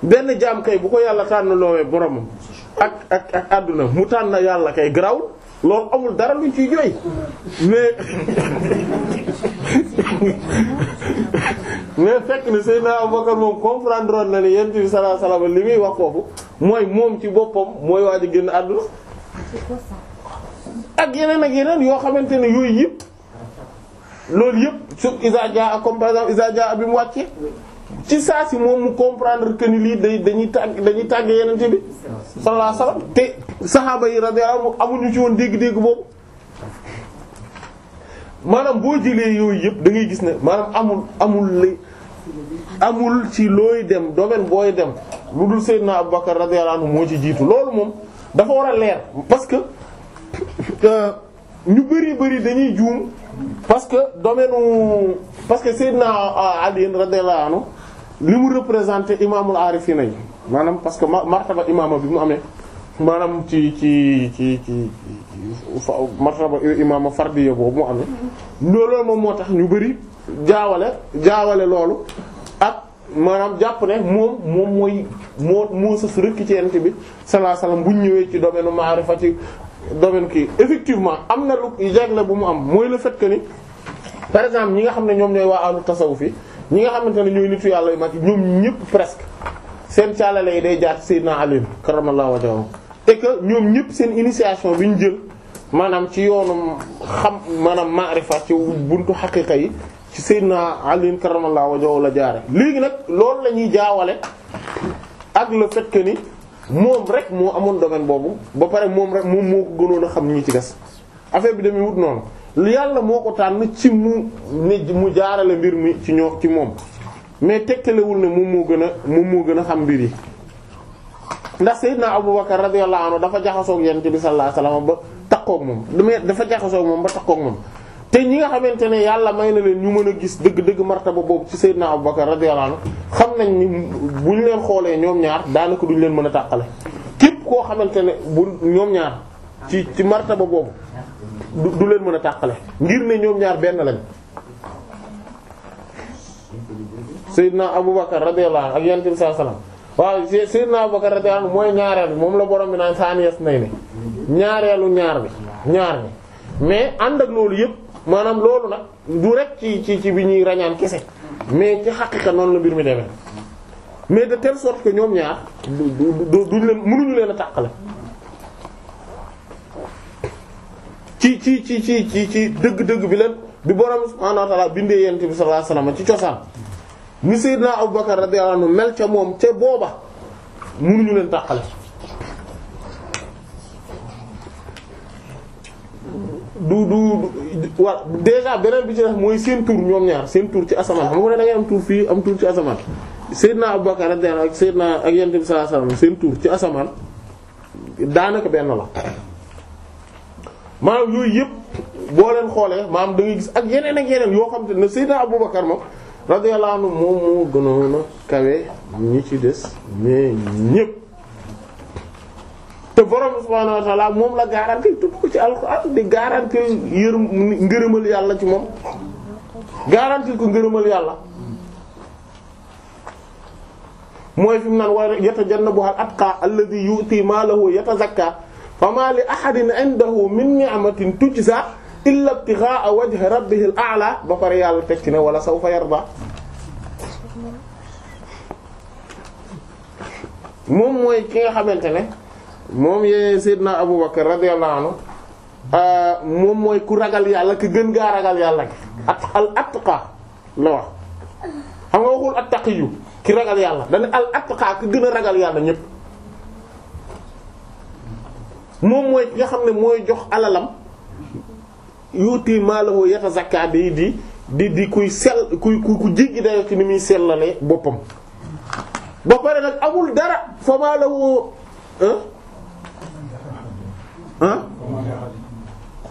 benn jaam kay bu ko yàlla tànn loowee boromam ak ak ak àdduna mu tànn yàlla kay garaw loolu amul dara lu ci jooy mais *laughs* mais fekk ni Seydina Abubakar moom comprendre na ni yent bi sallallahu alayhi li muy wax foofu mooy moom ci boppam mooy waa ji génn àdduna ak yeneen ak yeneen yoo xamante ne yooyu yëpp loolu yëpp su isa jaa comme par exemple bi mu wàcce ci saa si moom mu comprendre que lii day dañuy tàgg dañuy tàgg yenente bi sallallahu alayhi te saxaaba yi radiyallahu amuñu ci woon dégg-dégg boobu maanaam boo jëlee yooyu yëpp da gis ne maanaam amul amul li amul ci looy dem domaine booy dem lu dul Seydina Abu Bakar radiyallahu moo ci jiitu loolu moom dafa war a leer parce que euh, ñu bari bari dañuy juum parce que domaine parce que Seydina Ali radiyallahu anhu li mu représenté imaamul aarifiina yi maanaam parce que martaba imaama bi mu amee maanaam ci ci ci ci martaba imaama fardiya boobu mu amee loolu moom moo tax ñu bari jaawale jaawale loolu ak maanaam jàpp ne moom moom mooy moo moo sës rëkk ci yent bi sallallahu alayhi bu ñu ñëwee ci domaine maarifa ci domaine kii effectivement am na lu jagle bu mu am mooy la fait que ni par exemple ñi nga xam ne ñoom ñooy waa alu tasawuf yi ñi nga xamante ne ñooy nitu yàlla yu mag ñoom ñëpp presque seen caalale yi day jaar Seydina Ali karamallahu wajhahu et que ñoom ñëpp seen initiation bi ñu jël maanaam ci yoonu xam maanaam maarifa ci buntu xaqiqa yi ci Seydina Ali karamallahu wajhahu la jaare léegi nag loolu lañuy jaawale ak le fait que ni moom rek moo amoon domaine boobu ba pare moom rek moom moo ko gënoon a xam ñi ci des affaire bi demee wut noonu. lu yàlla moo ko tànn ci mu ne mu jaarale mbir mi ci ñoo ci moom mais tegtalewul ne moom moo gën a mu mu gën a xam mbir yi ndax Seydina Abubakar radiyallahu anhu dafa jaxasoog yent bi sallallahu alayhi wasallam ba takkoog moom dafa jaxasoog moom ba takkoog moom te ñi nga xamante ne yàlla may na leen ñu mën a gis dëgg-dëgg martaba boobu ci Seydina Abubakar radiyallahu anhu xam nañ ni bu ñu leen xoolee ñoom ñaar daanaka duñ leen mën a tàqale képp koo xamante ne bu ñoom ñaar ci ci martaba boobu du leen mën a tàqale ngir ne ñoom ñaar benn lañ Seydina Abubakar radiyallahu ak Yonent bi sallallahu alayhi wasallam waaw Seydina Abubakar radiyallahu anhu mooy ñaareel bi moom la borom bi naan saanies nay ne ñaareelu ñaar bi ñaar bi mais ànd ak loolu yëpp maanaam loolu nag du rek ci ci ci bi ñuy rañaan kese mais ci xaqiqa noonu la mbir mi demee mais de telle sorte que ñoom ñaar duñ leen mënuñu leen a tàqale ci ci ci ci ci ci dëgg-dëgg bi leen bi borom subhaanahu wa bindee yonent bi sallallahu alayhi wasallam ci cosaan ni Seydina Abubakar radiyallahu anhu mel ca moom ca booba mënuñu leen tàqale du du wa déjà beneen bi ci def mooy seen tur ñoom ñaar seen tur ci asamaan xam nga ne da ngay am tur fii am tur ci asamaan Seydina Abubakar radiyallahu anhu ak naa ak yonent bi sallallahu alayhi wasallam seen tur ci asamaan daanaka benn la maanaam yooyu yëpp boo leen xoolee maanaam da ngay gis ak yeneen ak yeneen yoo xam ne Seydina Aboubacar moom radiyallahu anhu moom moo gënoon a kawe ñi ci des mais ñëpp. te la garanti tudd ko ci di garanti yërëm ngërëmal yàlla ci moom garanti ko ngërëmal yàlla. mooy mu naan war yatajannabuha al-atqaa alladhi wa ma li ahadin indahu min ni'matin tujza illa ibtigha'a wajhi rabbihi al-a'la ba pare yàlla teg ci ne wala sawfa yarda moom mooy ki nga xamante ne moom yee na Abu Bakr radiyallahu anhu moom mooy ku ragal yàlla ki gën gaa ragal yàlla ki at al atqa la wax xam nga waxul attaqi ki ragal yàlla dana al atqa ki gën ragal yàlla ñépp moom mooy nga xam ne mooy jox alalam yuuti maalahu yatazakka day di di di kuy sel kuy ku ku jéggi dayo ci ni muy sellale boppam ba pare nag amul dara fa maalahu ah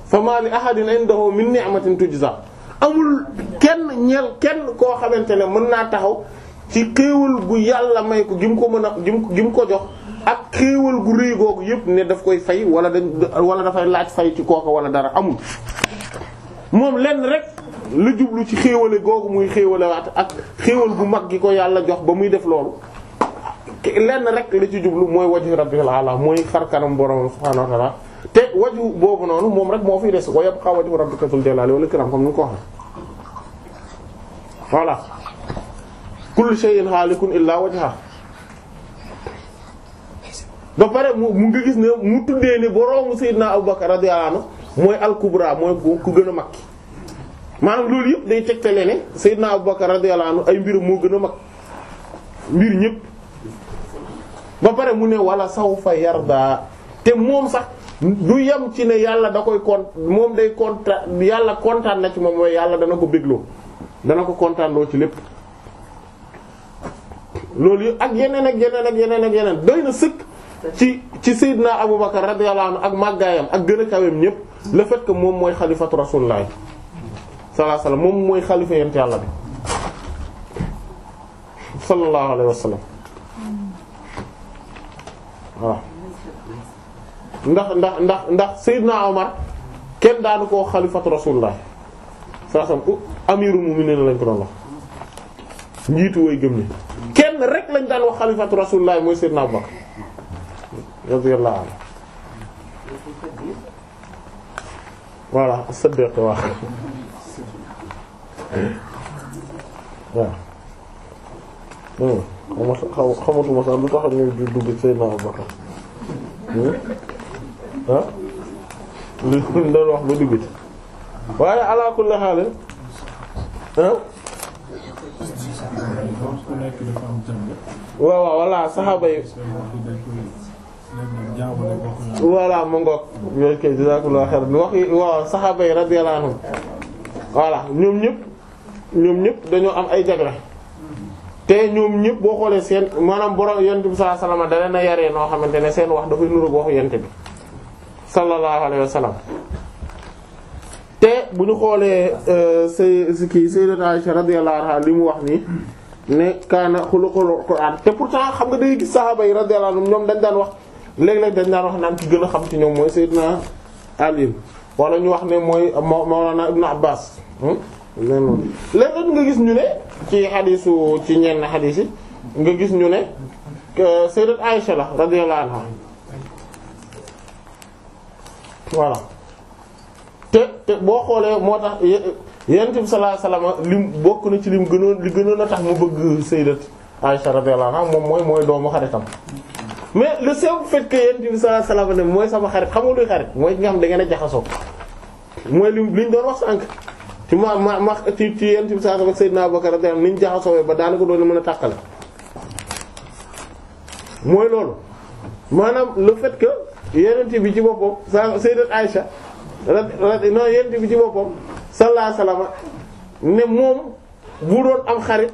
fa maa li ahadin indahu min ni'matin tujza amul kenn ñel kenn koo xamante ne mën naa taxaw ci xéewal gu yàlla may ko gi mu ko mën a gi mu ko jox ak xéewal gu rëy googu yëpp ne daf koy fay wala dañ wala dafay laaj fay ci kooka wala dara amul moom lenn rek la jublu ci xéewale googu muy xéewalewaat ak xéewal gu mag gi ko yàlla jox ba muy def loolu lenn rek la ci jublu mooy wajhu rabbil ala mooy xar kanam borom subhanahu wa te waju boobu noonu moom rek moo fiy des wa yabqa wajhu rabbika dhul jalali wal ikram comme ni ko waxee voilà kullu shay'in halikun illa wajha ba pare mu nga gis ne mu tuddee ne boroomu Seydina Abubakar radiyallahu mooy al-kubra mooy ku gën a mag maanaam loolu yëpp day tegtale ne Seydina Abubakar radiyallahu ay mbiram moo gën a mag mbir ñëpp ba pare mu ne wala sawfa yarda te moom sax du yem ci ne yàlla da koy kont moom yàlla kontaan na ci moom mooy yàlla dana ko bégloo dana ko kontaanloo ci lépp loolu yëpp ak yeneen ak yeneen ak yeneen ak yeneen doy na sëkk ci ci Seydina Aboubacar radiyallahu anhu ak màggaayam ak gën a kaweem ñépp le fait que moom mooy xalifatu rasulullah sallallahu alayhi wa sallam moom mooy xalifa yent yàlla bi sallallahu ndax ndax ndax ndax Seydina Omar kenn daanu koo xalifatu rasulullah sallallahu alayhi wa sallam amiru mu'minin lañ ko doon wax njiitu way gëm ni kenn rek lañ daan wax xalifatu rasulullah mooy Seydina Aboubacar radiyallahu anhu voilà as-Siddiq waaw waaw xaw xamatuma sax tax ñu dugg Seydina Abu Bakar ah lu doon wax ba waaye ala kulli haal waaw waaw voilà voilà mu ngoog yooyu kay jazakallahu xayran wax waaw saxaaba yi radiyallahu anhum voilà ñoom ñëpp ñoom ñëpp dañoo am ay jagle te ñoom ñëpp boo xoolee seen maanaam borom yent bi sallallahu alayhi wasallam da leen a yaree noo xamante ne seen wax dafay nuru waxu yent bi sallallahu alayhi te bu ñu xoolee euh, say kii sayyidat Aisha radiyallahu mu wax nii ne kaana xuluqul Qur'an xam nga day gis saxaaba yi radiyallahu anhum ñoom dañ daan wax léeg-léeg dañ daan wax naan ki gën a xam ci ñoom mooy naa Ali walla ñu wax ne mooy Mawlana Ibn Abbas hmm? léeg-léeg nga gis ñu ne ci xadiisu ci ñenn xadiis yi nga gis ñu ne Sayyidat Aïcha la radiyallahu anha voilà te te boo xoolee moo tax Yonent bi sallallahu alayhi wasallam lim bokk na ci lim gënoon li gënoon a tax mu bëgg Sayyidat Aïcha radiyallahu anha moom mooy mooy doomu xaritam mais le seul fait que yéen bi sallallahu alayhi mooy sama xarit xamoo luy xarit mooy ki nga xam da a jaxasoo mooy li liñ doon wax sànq ci ma ma ma ci ci yéen bi sallallahu alayhi wasallam ak Seydina Abubakar radiyallahu anhu a tàqale mooy le fait que yonent bi ci boppam sa Sayyidat bi ci boppam sallallahu ne moom bu doon am xarit.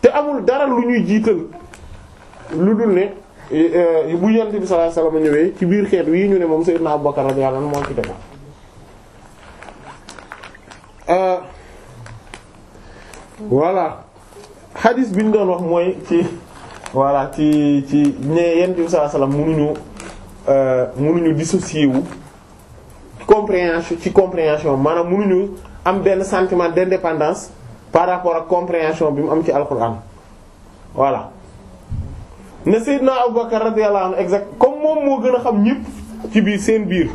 te amul dara lu ñuy jiital lu dul ne eh, eh, bu yonent bi sallallahu alayhi wasallam ñëwee ci biir xeet wii ñu ne moom Sayyidna Abu Bakar radiyallahu anhu moom ci def eh, voilà hadis bi ñu doon wax mooy ci voilà ci ci ne yonent bi sallallahu alayhi wasallam mënuñu mënuñu dissocier wu compréhension ci compréhension maanaam mënuñu am benn sentiment d'indépendance par rapport ak compréhension bi mu am ci alquran voilà ne Seydina Aboubacar radiyallahu anhu exact comme moom moo gën a xam ñépp ci biir seen biir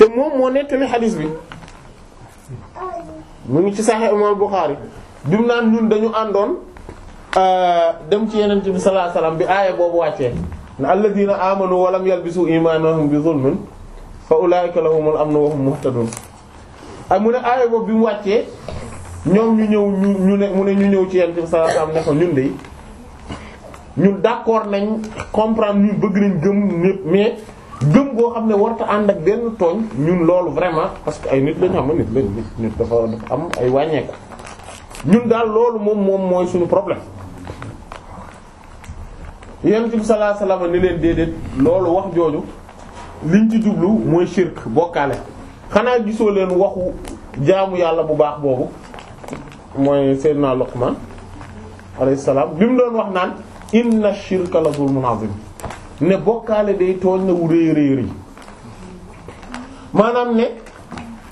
te moom moo nettali xadis bi mu ngi ci Sahih Imam Bukhari bi mu naan ñun dañu àndoon euh, dem ci yeneen bi sallallahu alayhi bi aaya boobu wàccee na alladhina amanu wa lam yalbisu imanahum bi zulmin fa ulaika lahumul amnu wa muhtadun ay aaya boobu bi mu wàccee ñoom ñu ñëw ñu ñu ne mu ne ñu ñëw ci yent bi sallallahu alayhi wasallam ne ko ñun de ñun d'accord nañ comprendre ñun bëgg nañ gëm ñépp mais gëm boo xam ne warta ànd ak benn tooñ ñun loolu vraiment parce que ay nit lañu xam nit lañu nit dafa dafa am ay wàññeeku ñun daal loolu moom moom mooy suñu problème yent bi sallallahu alayhi wasallam ne leen déedéet loolu wax jooju liñ ci jublu mooy shirk bokkaale xanaa gisoo leen waxu jaamu yàlla bu baax boobu mooy Seydina Luqman alayhi salaam bi mu doon wax naan inna shirka la zulmun azim ne bokkaale day tooñ na wu rëy rëy maanaam ne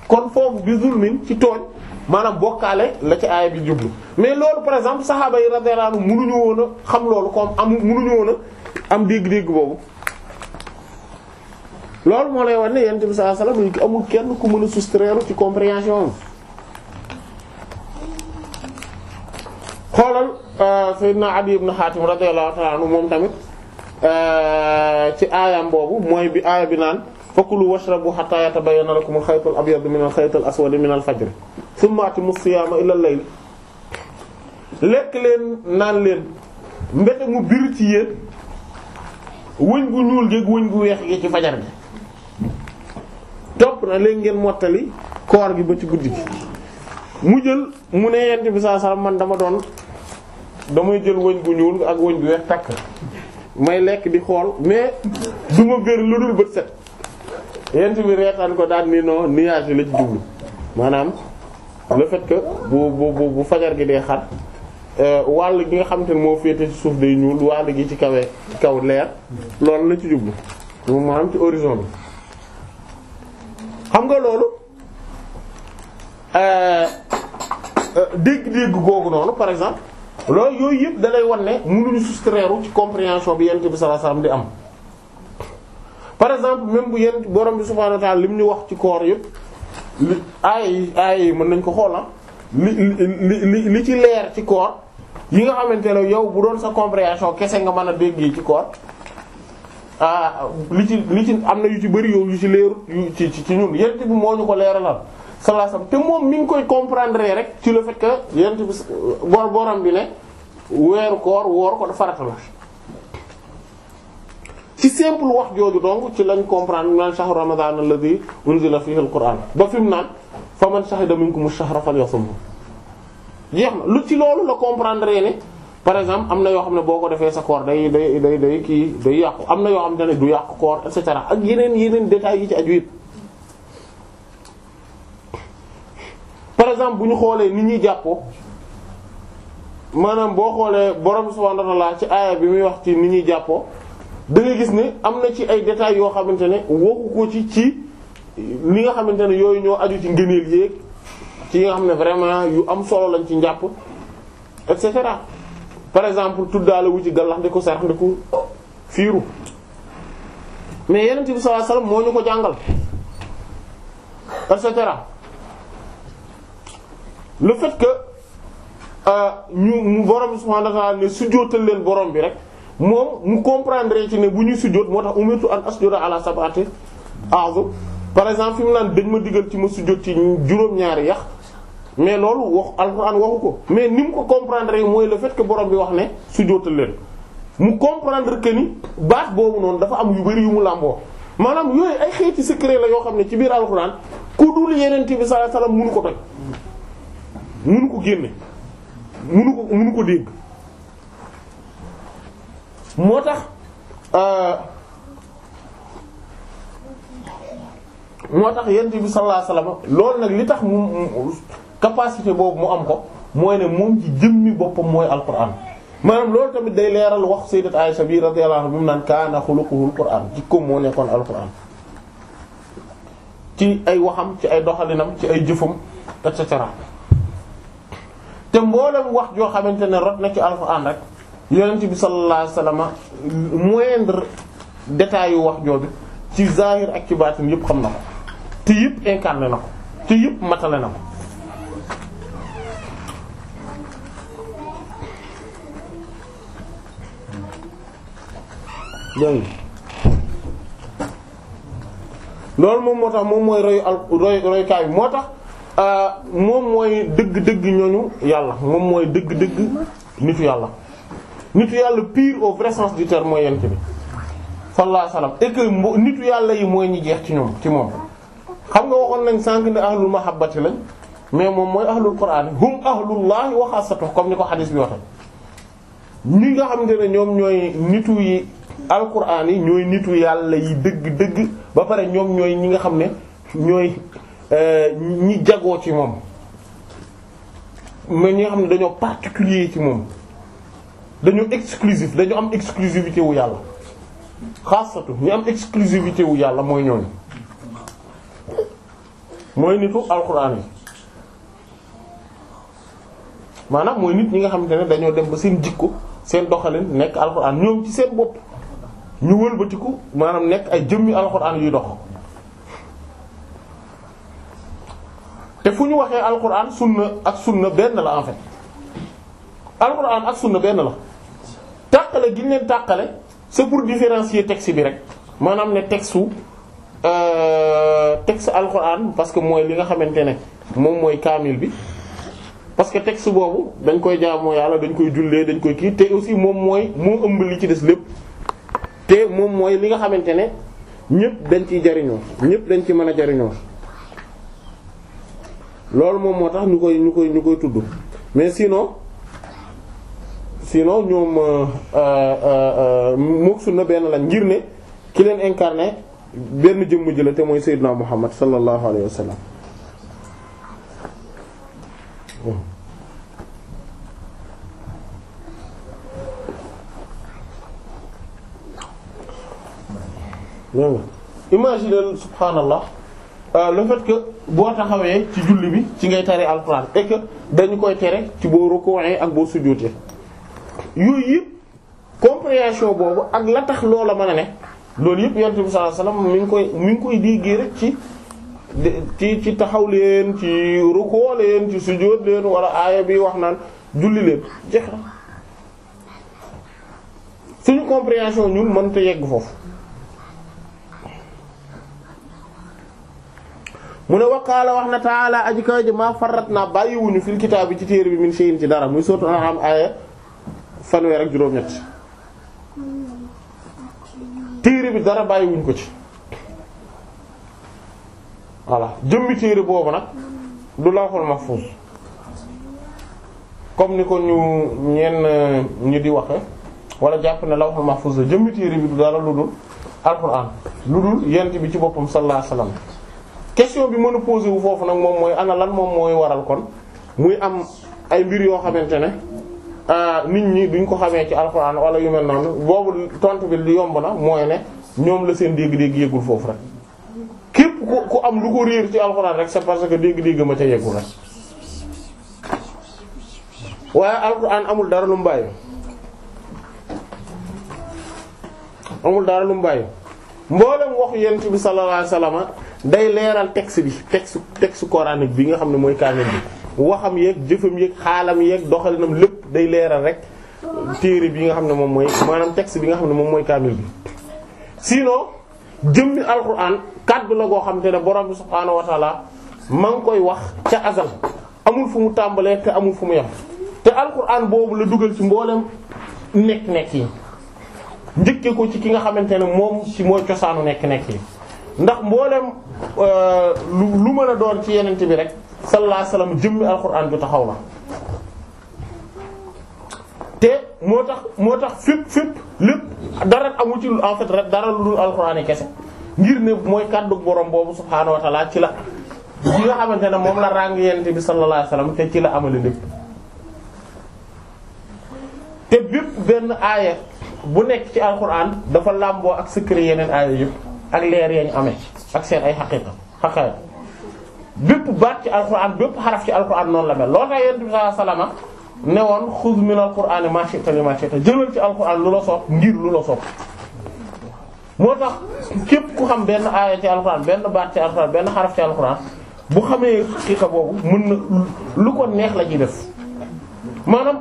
kon foofu bi zulmin ci tooñ maanaam bokkaale la ci aay bi jublu mais loolu par exemple saxaaba yi radiyallahu anhum mënuñu woon a xam loolu comme am mënuñu woon a am dégg-dégg boobu loolu moo lay wax ne yonent bi sallallahu alayhi wasallam amul kenn ku mën a soustraire ci compréhension am xoolal euh, Seydina Adi ibn Hatim radiyallahu ta'ala anhu moom tamit euh, ci aayam boobu mooy bi aaya bi naan fakulu washrabu hatta yatabayyana lakum al-khayt al-abyad min al-khayt al-aswad min al-fajr thumma atimmu as lekk leen naan leen mbete mu bir ci yéen wëñ gu ñuul gi wëñ gu weex gi ci fajar gi topp na leen ngeen mottali koor gi ba ci guddi gi mu jël mu ne yent bi saa saa man dama doon damay jël wëñ bu ñuul ak wëñ bu weex takk may lekk di xool mais du ma gër lu dul bët set yent bi reetaan ko daan ni non nuage la ci jublu maanaam le fait bu bu bu fajar gi dee xat euh, wàll gi nga xam te ne moo féete suuf day ñuul wàll gi ci kawee kaw leer loolu la ci jublu moom maanaam ci horizon bi xam nga loolu euh, euh, dégg-dégg googu noonu par exemple loolu yooyu yëpp da lay wan ne mënuñu soustraire ci compréhension bi yonent bi sallallahu alayhi wasallam di am par exemple même bu yonent borom bi subhaanahu wa li mu ñu wax ci koor yëpp li mën nañ ko xool ah. li li ci leer ci koor yi nga xamante ne yow bu doon sa compréhension kese nga mën a déggee ci koor ah li ci li ci am na yu ci bëri yow yu ci leer yu ci ci ñun yonent bi moo ñu ko leeralal. sallallahu alayhi wasallam te moom mi ngi koy comprendre rek ci le fait que yonent bi bi ne weeru koor woor ko da farata la ci simple wax jooju donk ci lañ comprendre naan shahru ramadan la unzila fihi alquran ba fi mu naan fa man mu shahida minkum ash-shahra falyasum jeex na lu ci loolu la comprendre ne par exemple am na yoo xam ne boo ko defee sa koor day day day day kii day yàqu am na yoo xam ne du yàqu koor et cetera ak yeneen yeneen détails yi ci aju yëpp exemple bu ñu xoolee ni ñuy jàppoo maanaam boo xoolee borom subhaanahu wa ta'aala ci aaya bi muy wax ci ni ñuy jàppoo da gis ne am na ci ay détails yoo xamante ne waxu ko ci ci li nga xamante ne yooyu ñoo aju ci ngëneel yéeg ci nga xam ne vraiment yu am solo lañ ci njàpp et cetera par exemple tuddaale wu ci gallax di ko sarax di ko fiiru mais yeneen bi sallallahu alayhi moo ñu ko jàngal et cetera le fait que euh, ñu mu borom subhaanahu wa ta'aala ne sujjóotal leen borom bi rek moom mu comprendre ci ne bu ñuy sujjóot moo tax umirtu an asjuda ala sab'ati a'zub par exemple fi mu naan dañ ma digal ci ma sujjóot ci juróom-ñaari yax mais loolu wax alxuraan waxu ko mais ni ko comprendre mooy le fait que bi wax ne sujjóotal leen mu comprendre que ni baat boobu noonu dafa am yu bari yu mu làmboo maanaam yooyu ay xeeti secret la yoo xam ne ci biir alxuraan ku dul yeneen bi sallallahu alayhi ko toj. mënu ko génne mënu ko mënu ko dégg moo tax euh, moo tax yent bi sallallahu alayhi wasallam nag li tax mu capacité boobu mu am ko mooy ne moom ci jëmmi boppam mooy alquran maanaam loolu tamit day leeral wax sayyidat Aisha bi radiyallahu anha bi mu naan kaana xuluquhul quran jikkoom moo nekkoon alquran ci ay waxam ci ay doxalinam ci ay jëfam et cetera te mboolem wax joo xamante ne rot na ci alxuraan rek yonent bi sallallahu alayhi wasallam moindre détail yu wax jooju ci zahir ak ci baatin yëpp xam na ko te yëpp na ko te yëpp matale na ko loolu moom moo tax moom mooy royu al roy royukaay bi moo tax Euh, moom mooy dëgg-dëgg ñooñu yàlla moom mooy dëgg-dëgg nitu yàlla nitu yàlla pire au vrai sens du terme mooy yent bi sallallahu alayhi wasallam et que nitu yàlla yi mooy ñi jeex ci ñoom ci moom xam nga waxoon nañ sànq ne ahlul mahabbati lañ mais moom mooy ahlul qur'an hum ahlullahi wa khassatuh comme ni ko xadis bi waxe ñi nga xam ne ñoom ñooy nitu yi alquran yi ñooy nitu yàlla yi dëgg dëgg ba pare ñoom ñooy ñi nga xam ne ñooy Euh, ñi jagoo ci moom mais ñi nga xam ne dañoo particulier ci moom dañoo exclusif dañoo am exclusivité wu yàlla xaasatu ñu am exclusivité wu yàlla mooy ñooñu mooy nitu alxuraan yi maanaam mooy nit ñi nga xamante ne dañoo dem ba seen jikko seen doxalin nekk alxuraan ñoom ci seen bopp ñu wëlbatiku maanaam nekk ay jëmmi alxuraan yuy dox te fu ñu waxee alquran sunna ak sunna benn la en fait alquran ak sunna benn la tàqale gi leen tàqale c'est pour différencier texte bi rek maanaam ne texte su euh, texte alquran parce que mooy li nga xamante ne moom mooy kaamil bi parce que texte boobu dañ koy jaamoo yàlla dañ koy jullee dañ koy kii te aussi moom mooy moo ëmb li ci des lépp te moom mooy li nga xamante ne ñépp dañ ciy jariñoo ñépp dañ ci mën a jariñoo loolu moom moo tax ñu koy ñu koy ñu koy tudd mais sinon sinon ñoom euh, euh, euh, mook sunna benn lañ ngir ne ki leen incarné benn jëmm jëla la te mooy Seydina Muhammad sallallahu alayhi wa sallam imagine subhaanallah Euh, le fait que boo taxawee ci julli bi ci ngay tari alxuraan et que dañu koy tere ci boo rukkooee ak boo sujjóotee yooyu yëpp compréhension boobu ak la tax loola mën a ne loolu yëpp yonent bi sallallahu alayhi wasallam mi ngi koy mi ngi koy déggee rek ci ci ci taxaw leen ci rukkoo leen ci sujjóot leen wala aaya bi wax naan julli leen jeex na suñu compréhension ñun mënta yegg foofu. mu ne wax waqaala wax na taala aji kaw ji maa farat naa bàyyiwuñu fil kitaab bi ci téere bi min shay'in ci dara muy sotu na am aaya fanweer ak juróom-ñett téere bi dara bàyyiwuñ ko ci voilà jëmmi téere boobu nag du lawhul mahfuz comme ni ko ñu ñenn ñu di waxe wala jàpp ne lawhul mahfuz la jëmmi téere bi du dara lu dul alxuraan lu dul yent bi ci boppam sallallahu alayhi question bi mën a posé foofu nag moom mooy ana lan moom mooy waral kon muy am ay mbir yoo xamante ne euh, nit ñi duñ ko xamee ci alxuraan wala yu mel noonu boobu tontu bi li yomb na mooy ne ñoom la seen dégg-dégg yëgul foofu rek képp ku am lu ko réer ci alxuraan rek c'est parce que dégg-dégg ma ca yëgul rek waaye alxuraan amul dara lu mu bàyyi amul dara lu mu bàyyi mboolem wax yent bi sallallahu alayhi day leeral texte bi texte texte coranique bi nga xam ne mooy kaamil bi waxam yeeg jëfam yeeg xaalam yeeg doxalinam lépp day leeral rek téere bi nga xam ne moom mooy maanaam texte bi nga xam ne moom mooy kaamil bi sinon jëmmi alxuraan kàddu goo xam te ne borom bi subhaanahu wa taala ngi koy wax ca azal amul fu mu tàmbalee te amul fu mu yem te alxuraan boobu la dugal ci mboolem nekk-nekk yi njëkke ko ci ki nga xamante ne moom ci mooy cosaanu nekk-nekk yi ndax mboolem Euh, lu lu mën a doon ci yenent bi rek sallallahu alayhi wasallam jëmmi alxuraan ju taxaw la te moo tax moo tax fépp fépp lépp dara amu ci en fait rek dara lu kese ngir ne mooy kàddu borom boobu subhaanahu wa ci la bi nga xamante ne moom la ràng yenent bi sallallahu alayhi te ci la amale lépp te bépp benn aaya bu nekk ci alxuraan dafa làmboo ak secret yeneen aaya yëpp ak leer yañ amee ak seen ay xaqiqa xaqaay bépp baat ci alquran bépp xaraf ci alquran noonu la mel loolu tax yonent bi sallallahu alayhi wasallam ne woon xuz min alquran ma shi'ta li jëlal ci alquran lu la sopp ngir lu la sopp moo tax képp ku xam benn aaya ci alquran benn baat ci alquran benn xaraf ci bu xamee xaqiqa boobu mën na lu ko neex la ci def maanaam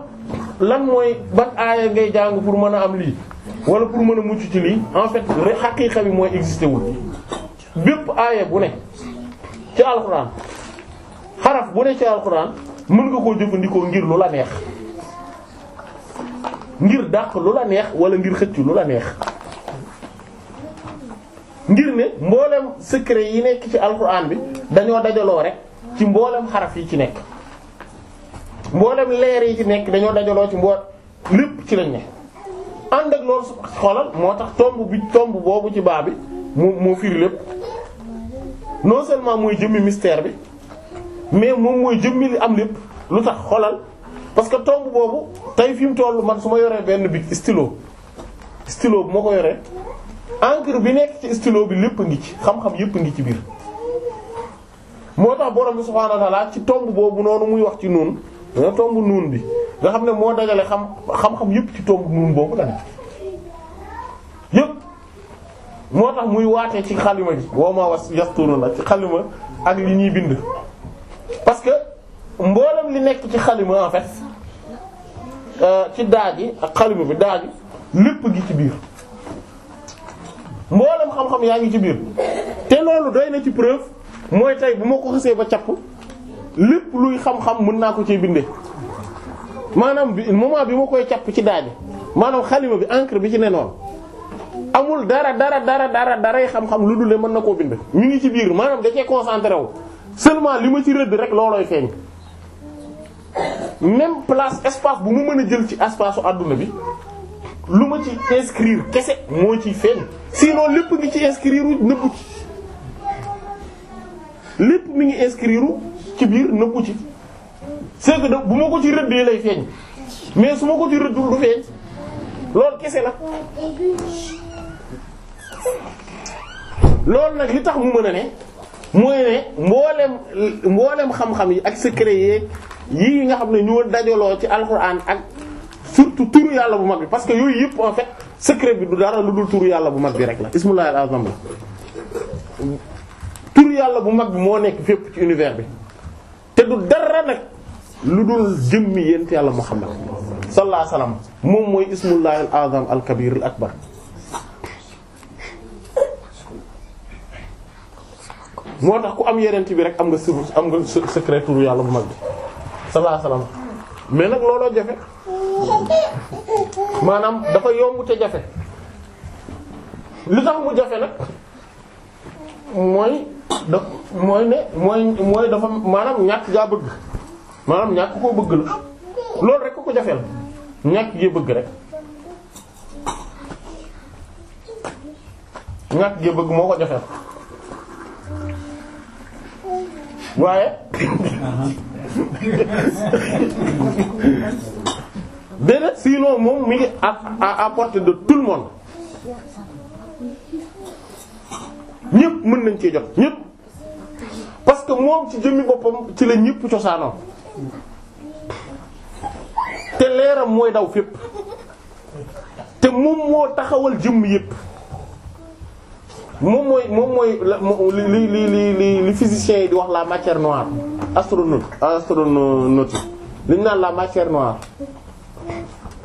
lan mooy ban aaya ngay jàng pour mën a am lii wala pour mën a mucc ci lii en fait xaqiiqa bi mooy existé wul bépp aaya bu ne ci alxuraan xaraf bu ne ci alxuraan mën nga koo jëfandikoo ngir lu la neex ngir dàq lu la neex wala ngir xëcc lu la neex ngir ne mboolem secret yi nekk ci alxuraan bi dañoo dajaloo rek ci mboolem xaraf yi ci nekk mboolem leer yi ci nekk dañoo dajaloo ci mbool lépp ci lañ ne ànd ak loolu xoolal moo tax tomb bi tomb boobu ci baa bi mu moo firi lépp non seulement mooy jëmmi mystère bi mais moom mooy jëmmi li am lépp lu tax xoolal parce que tomb boobu tey fi mu toll man su ma yoree benn bi stylo stylo bu moo ko yoree encre bi nekk ci stylo bi lépp ngi ci xam-xam yépp ngi ci biir moo tax borom bi subhaanahu wa ci tomb boobu noonu muy wax ci noonu nga tomb nuun bi nga xam ne moo dagale xam xam-xam yëpp ci tomb nuun boobu la ne yëpp moo tax muy waatee ci xalima ji woo ma was yasturu na ci xalima ak li ñuy bind parce que mboolem li nekk ci xalima en euh, ci daa ji ak xalima bi daa ji lépp gi ci biir mboolem xam-xam yaa ngi ci biir te loolu doy na ci preuve mooy tey bu ma ko xasee ba capp lépp luy xam-xam mën naa ko cee binde maanaam bi moment bi ma koy càpp ci daaj maanaam xalima bi encre bi ci nenoon amul dara dara dara dara daray xam-xam lu dul mën na koo bind ñu ngi ci biir maanaam da cee concentré wu seulement li ma ci rëdd rek loolooy feeñ même place espace bu mu mën a jël ci espace su àdduna bi lu ma ci inscrire kese moo ci feeñ sinon lépp ngi ci inscrire nëbbu ci lépp mi ngi inscrire ci biir nëbbu ci c'est que bu ma ko ci rëddee lay feeñ mais su ma ko ci rëddul du feeñ loolu kese la loolu nag li tax mu mën a ne mooy ne mboolem mboolem xam-xam yi ak secret yeeg yii nga xam ne ñoo dajaloo ci alxuraan ak surtout turu yàlla bu mag bi parce que yooyu yëpp en fait secret bi du dara lu dul turu yàlla bu mag bi rek la ismullahi al la turu yàlla bu mag bi moo nekk fépp ci univers bi te du dara nag lu dul jëmmi yent yàlla Muhammad sallallahu alayhi wasallam moom mooy ismullahi al azam al kabir al akbar moo tax ku am yenent bi rek am nga sirru am nga secret yàlla bu mag bi sallallahu mais nag looloo jafe maanaam dafa yomb te jafe li tax mu jafe nag mooy da mooy ne mooy mooy dafa maanaam ñàkk gaa bëgg maanaam ñàkk koo bëgg la loolu rek ko ko jafeel ñàkk gee bëgg rek ñàkk gee bëgg moo ko jafeel waaye *laughs* déedéet sinon moom mi ngi à de tout le monde ñëpp mën nañ cee jot ñëpp parce que moom ci jëmmi boppam ci la ñëpp cosaanoo te leeram mooy daw fépp te moom moo taxawal jëmm yëpp moom mooy moom mooy li li li li li physiciens yi di wax la matière noire astronaute astronaute li ñu naan la matière noire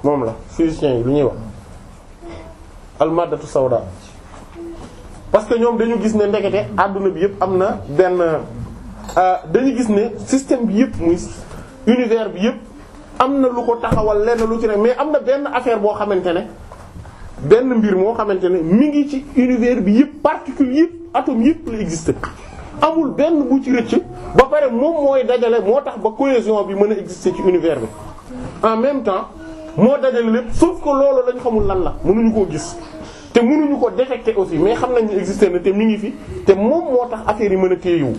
moom la physiciens yi lu ñuy wax almadatu parce que ñoom dañu gis ne ndekete àdduna bi yëpp am na benn euh, dañu gis ne système bi yëpp muy univers bi yëpp am na lu ko taxawal lenn lu ci ne mais am na benn affaire boo xamante ne benn mbir moo xamante ne mi ngi ci univers bi yëpp particules yëpp atomes yëpp la existé amul benn bu ci rëcc ba pare moom mooy dajale moo tax ba cohésion bi mën a exister ci univers bi en même temps moo dajale lépp sauf que loolu lañ xamul lan la mënuñu koo gis te mënuñu ko détecter aussi mais xam nañ ne existé na te mi ngi fi te moom moo tax affaire yi mën a téyewu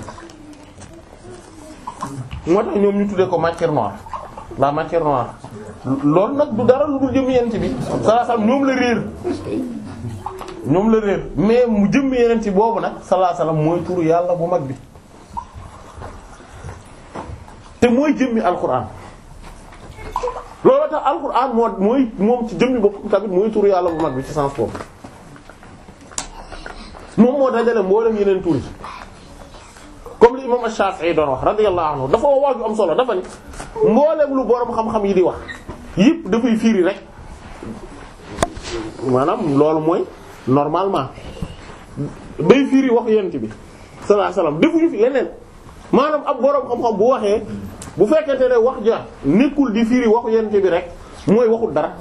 moo tax ñoom ñu tuddee ko matière noire la matière noire loolu nag du dara lu dul jëm yenent bi sallallahu ñoom la réer ñoom la réer mais mu jëm yenent boobu nag sallallahu alayhi mooy turu yàlla bu mag bi te mooy jëmmi alquran loolu tax alquran moo mooy moom ci jëmmi bopp tamit mooy turu yàlla bu mag bi ci sens boobu moom moo dajale mboolem yeneen tur yi comme li imam Shafi'i doon wax radiyallahu anhu dafa wax ju am solo dafa ni mboolem lu borom xam-xam yi di wax yépp dafay fiiri rek maanaam loolu mooy normalement day firi wax yent bi sallallahu alayhi wasallam defuñu fi leneen maanaam ab borom xam-xam bu waxee bu fekkente ne wax ja nekkul di firi waxu yent bi rek mooy waxul dara.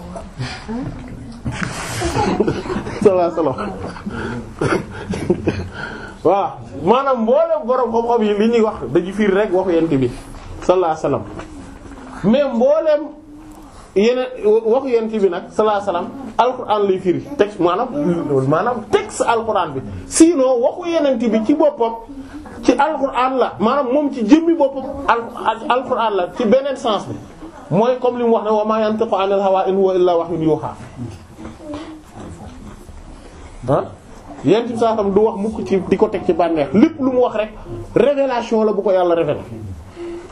*laughs* sallallahu alayhi wasallam maanaam mboolem borom xam-xam yi li ñuy wax dañu fiir rek waxu yent bi sallallahu alayhi mais mboolem yeneen waxu yent bi nag sallallahu alayhi wasallam alquran lay firi texte maanaam maanaam texte alquran bi sinon waxu yenent bi ci boppam ci alquran la maanaam moom ci jëmmi boppam alquran la ci beneen sens bi mooy comme li mu wax ne wa ma yantiqu anil hawa in huwa illa wahyun yuha ah yenn ci saa xam du wax mukk ci di ko teg ci bànneex lépp lu mu wax rek révélation la bu ko yàlla révélé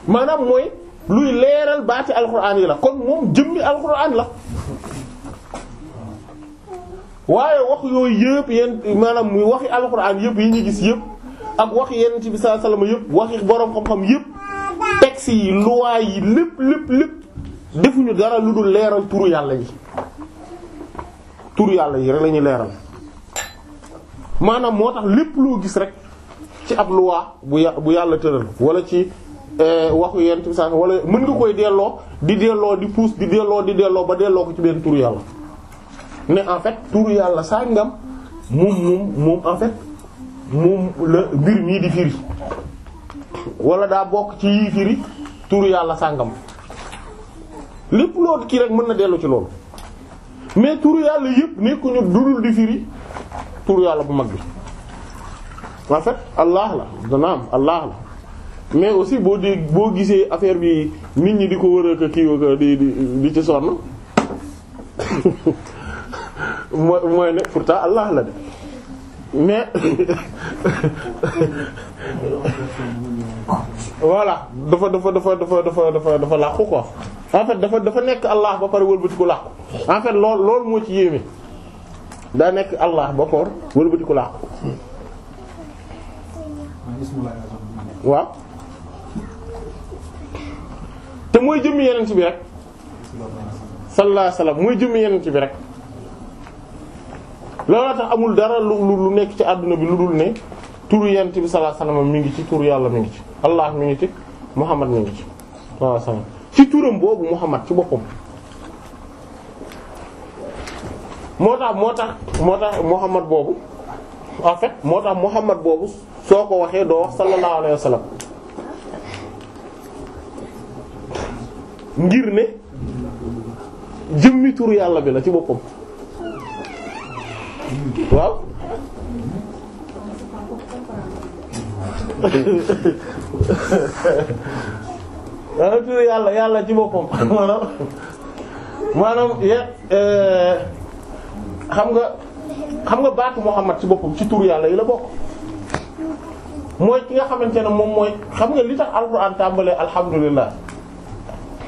maanaam mooy luy leeral baati alxuraan yi la kon moom jëmmi alxuraan la waaye wax yooyu yëpp yenn maanaam muy waxi alxuraan yëpp yi ñu gis yëpp ak wax yenn ci bi saa salama yëpp waxi boroom xam-xam yëpp textes yi luwaay yi lépp lépp lépp defuñu dara lu dul leeral turu yàlla yi turu yàlla yi rek lañuy leeral. maanaam moo tax lépp loo gis rek ci ab luwaa bu yà bu yàlla tëral walla ci eh, waxu yenn ci sax wala mën nga koy delloo di delloo di puus di delloo di delloo ba delloo ko ci benn turu yàlla mais en fait turu yàlla sàngam moom moom moom en la mbir mii di firi wala daa bokk ci yii firi turu yàlla sàngam lépp loolu kii rek mën na dellu ci loolu mais turu yàlla yëpp nekkuñu dudul di firi tur yàlla bu mag bi en fait allah la dana allah la mais aussi boo di boo gisee affaire bi nit ñi di ko war a kii ko di di di ci sonn *laughs* mooy mooy ne pourtant allah la de mais *laughs* voilà dafa dafa dafa dafa dafa dafa dafa làqu ko en fait dafa dafa nekk allah ba pare wëlbatiku làqu en fait lool loolu moo ci yéeme. daa nekk allah ba koor wala ba di ko làqu waaw te mooy jëmmi yenent bi rek sallallahu alayhi wasallam mooy jëmmi yenent bi rek looloo tax amul dara lu lu nekk ci àdduna bi lu dul ne tur yenent bi salaa alayhi wasallam mi ngi ci turu yàlla mi ngi ci allah mi ngi ci muhammad mi ngi ci sallallahu alayhi wasallam ci turam boobu muhammad ci boppam moo tax moo tax moo tax Muhammad boobu en fait moo tax Muhammad boobu soo ko waxee doo wax sallallahu alayhi wa sallam ngir ne jëmmi tur yàlla bi la ci boppam waaw waaw tur yàlla yàlla ci boppam *laughs* maanaam maanaam euh, xam nga xam nga baatu Muhammad ci boppam ci tur yàlla yi la bokk mooy ki nga xamante ne moom mooy xam nga li tax alxuraan tàmbalee alhamdulilah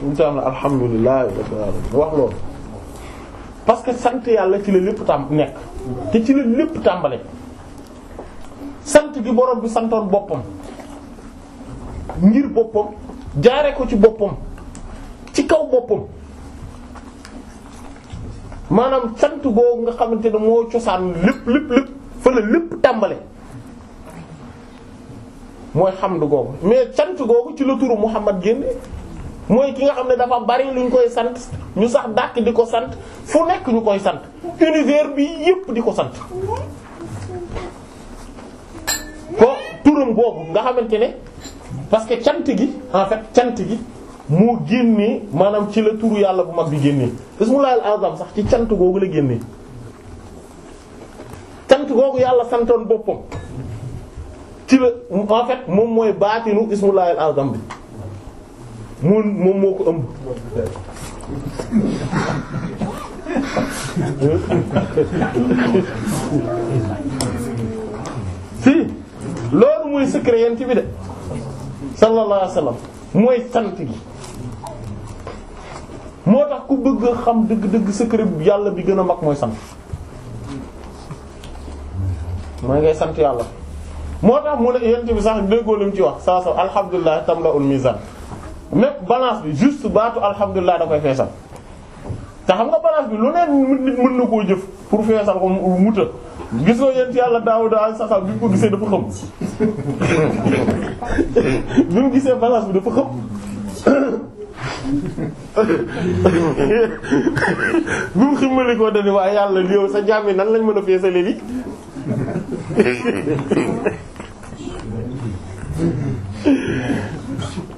li tax alhamdulilah wax loolu parce que sant yàlla ci la lépp tam nekk te ci la lépp tàmbale sant gi borom bi santoon boppam ngir boppam jaare ko ci boppam ci kaw boppam maanaam cant googu nga xamante ne moo cosaan lépp lépp lépp fële lépp tàmbale mooy xam xamdu googu mais cant googu ci la turu Muhammad génne mooy ki nga xam ne dafa bari luñ koy sant ñu sax dàkk di ko sant fu nekk ñu koy sant univers bi yépp di ko sant ko turam boobu nga xamante ne parce que cant gi en fait cant gi moo génnee manam ci la turu yàlla bu mag bi génnee ismullahil azam sax ci cant googu la génnee cant googu yàlla santoon boppam ci la fait moom mooy baatinu ismullahil azam bi moom moom moo ko ëmb *laughs* si loolu mooy secret yent bi de sallallahu alayhi mooy sant gi moo tax ku bëgg a xam dëgg-dëgg secret yàlla bi gën a mag mooy sant mooy ngay sant yàlla moo tax mu ne yent bi sax déggoo lim ci wax saa saa alhamdulilah tamla'ul mizan même balance bi juste baatu alhamdulilah da koy feesal te xam nga balance bi lu neen nit mën na koo jëf pour feesal ko wuta gis nga yent yàlla daaw daal bi mu ko gisee dafa xam *laughs* bi mu gisee balance bi dafa xam bu mu ximmali koo dani waaye yàlla yow sa jaam nan lañ mën a feesale li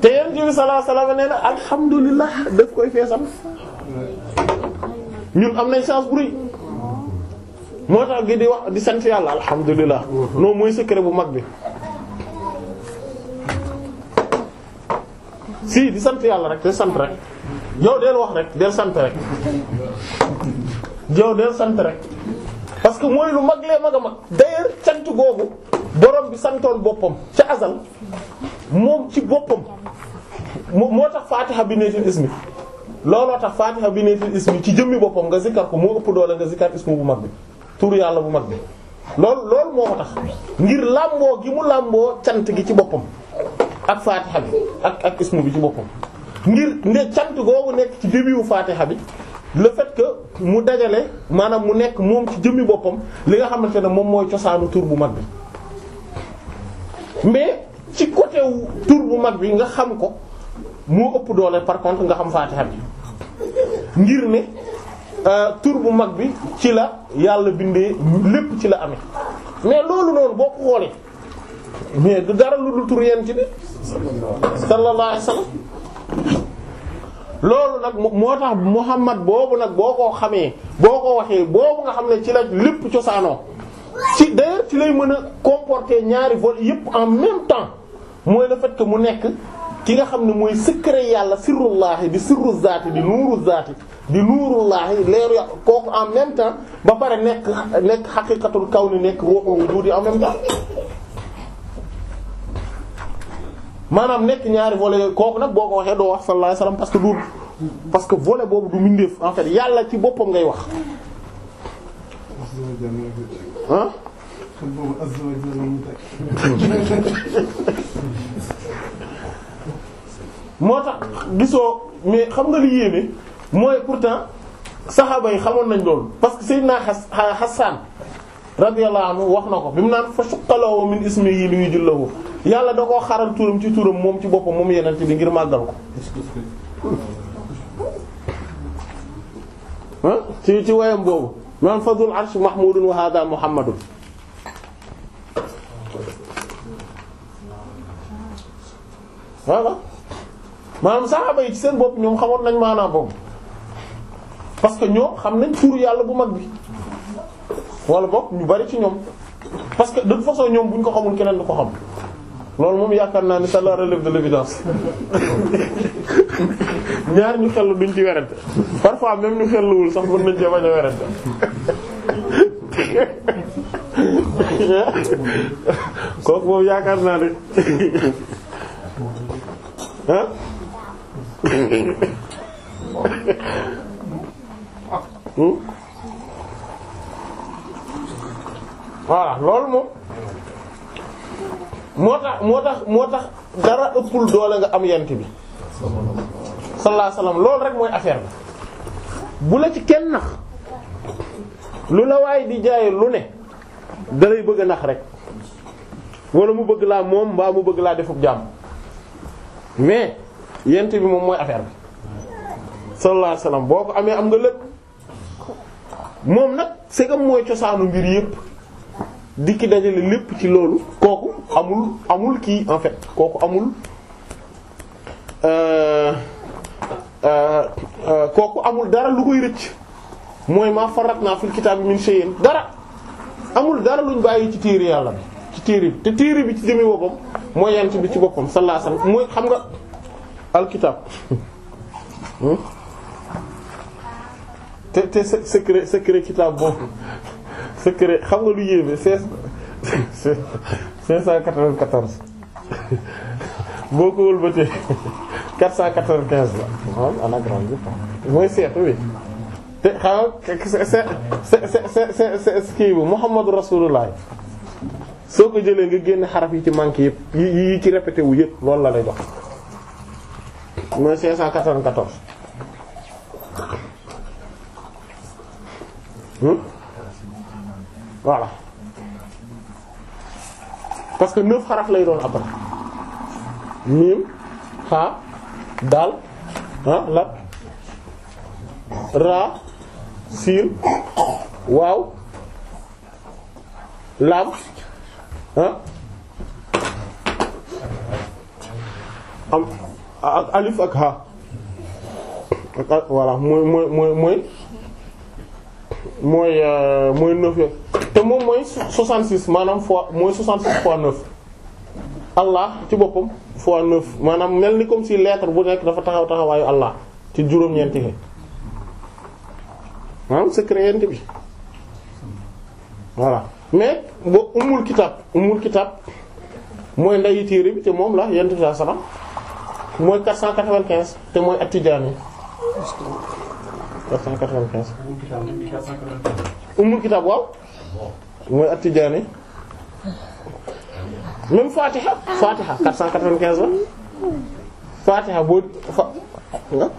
te yéen ci bi sallallahu alayhi wasallam nee na alhamdulilah daf koy feesal ñun am nañ chance bu rëy moo tax gi di wax di sant yàlla alhamdulilah non mooy secret bu mag bi si di sant yàlla rek te sant rek yow deel wax rek deel sant rek yow deel sant rek parce que mooy lu mag lee mag a mag d'ailleurs cant googu borom bi santoon boppam ci azal moom ci boppam moo tax faatiha bi neetil ismi looloo tax faatiha bi neetil ismi ci jëmmi boppam nga zikkar ko moo ëpp doole nga zikkar ismu bu mag bi tur yàlla bu mag bi loolu loolu moo ko tax ngir làmboo gi mu làmboo cant gi ci boppam ak faatiha bi ak ak ismu bi ci boppam ngir ne cant googu nekk ci débutu faatiha bi le fait que mu dajale maanaam mu nekk moom ci jëmmi boppam li nga xamante ne moom mooy cosaanu tur bu mag bi mais ci côté wu tur bu mag bi nga xam ko moo ëpp doole par contre nga xam faatiha bi ngir ne euh, tur bu mag bi ci la yàlla bindee lépp ci la amee mais loolu noonu boo xoolee mais du dara lu dul tur yent bi sallallahu alayhi wasallam loolu nag moo tax Muhammad boobu nag boo ko xamee boo ko waxee boobu nga xam ne ci la lépp cosaanoo ci d'ailleurs ci lay mën a comporter ñaari vol yëpp en même temps mooy le fait mu nekk ki nga xam ne mooy secret yàlla sirrullahi di sirru zaati di nuuru zaati di nuurullahi leeru yàlla kooku en même temps ba pare nekk nekk xaqiqatul kaw ni nekk ruuxul wujuudi en même temps maanaam nekk ñaari volet kooku nag boo ko waxee doo wax sallallahu alayhi wasallam parce que du parce que volet boobu du mindeef en fait yàlla ci boppam ngay wax. moo tax gisoo mais xam nga li yéeme mooy pourtant saxaaba yi xamoon nañ loolu parce que Seydina Hassan radiyallahu am wax na ko bi mu naan fa suqaloo min ismihi li yujillahu yàlla da koo xaral turam ci turam moom ci boppam moom yeneen bi ngir màggal ko. ci ci wayam boobu man fadul arsh mahmudun wa hada sax voilà maanaam yi ci seen bopp ñoom xamoon nañ maanaam boobu parce que xam nañ tur yàlla bu mag bi wala boog ñu bari ci ñoom parce que de toute façon ñoom bu ñu ko xamul keneen du ko xam loolu moom yaakaar naa ni ça la relève de l'évidence *laughs* ñaar ñu xellu duñ ci werante parfois même ñu xelluwul sax mën nañ cee bañ a *laughs* kooku moom yaakaar naa ne *laughs* ah hmm? voilà loolu moom moo tax moo tax moo tax dara ëppul doole nga am yent bi sallallahu alayhi wasallam loolu rek mooy affaire bi bu la ci kenn nax lu la waaye di jaay lu ne dalay bëgg a nax rek wala mu bëgg laa moom mbaa mu bëgg laa defub jàmm mais yent bi moom mooy affaire bi sallallahu alayhi wasallam boo ko amee am nga lépp moom nag segam mooy cosaanu mbir yépp di dajale lépp ci loolu kooku amul amul kii en fait kooku amul euh, euh, euh kooku amul dara lu koy rëcc mooy maa farat naa fil kitaab min shay'in dara amul dara luñ bàyyi ci téere yàlla bi ci téere bi te téere bi ci jëmee boppam mooy yant bi ci boppam sallallahu alayhi mooy xam nga alkitab hmm? te te secret secret kitab boobu secret xam nga lu yéeme seize cinq cent quatre-vingt-quatorze boo ko wëlbatee quatre cent quatre-vingt-quinze la moom anagramme bi mooy seetu bi te xam nga kii bi Muhammadu Rasulullah soo ko jëlee nga génn xaraf yi ci manqué yëpp yi yi ci répété wu yëpp loolu la lay dox mooy cinq cent quatre-vingt-quatorze hmm? voilà parce que neuf xaraf lay doon après miim ha daal ah ra siin waaw laam ah am ak alif ak ha ak mooy mooy mooy mooy mooy euh, mooy neuf te moom mooy 66 maanaam fois mooy 66 fois 9 allah ci boppam fois 9 maanaam mel ni comme si lettre bu nekk dafa taxaw taxawaayu allah ci juróom-ñeenti yi maanaam secret yent bi voilà mais boo umul kitab umul kitab mooy ndayi téere bi te moom la yent bi salaam mooy 495 te mooy at-Tijaani yi 495 umul kitab waaw mooy at-Tijaani même Fatiha Fatiha 495 la Fatiha boo fa nga ah.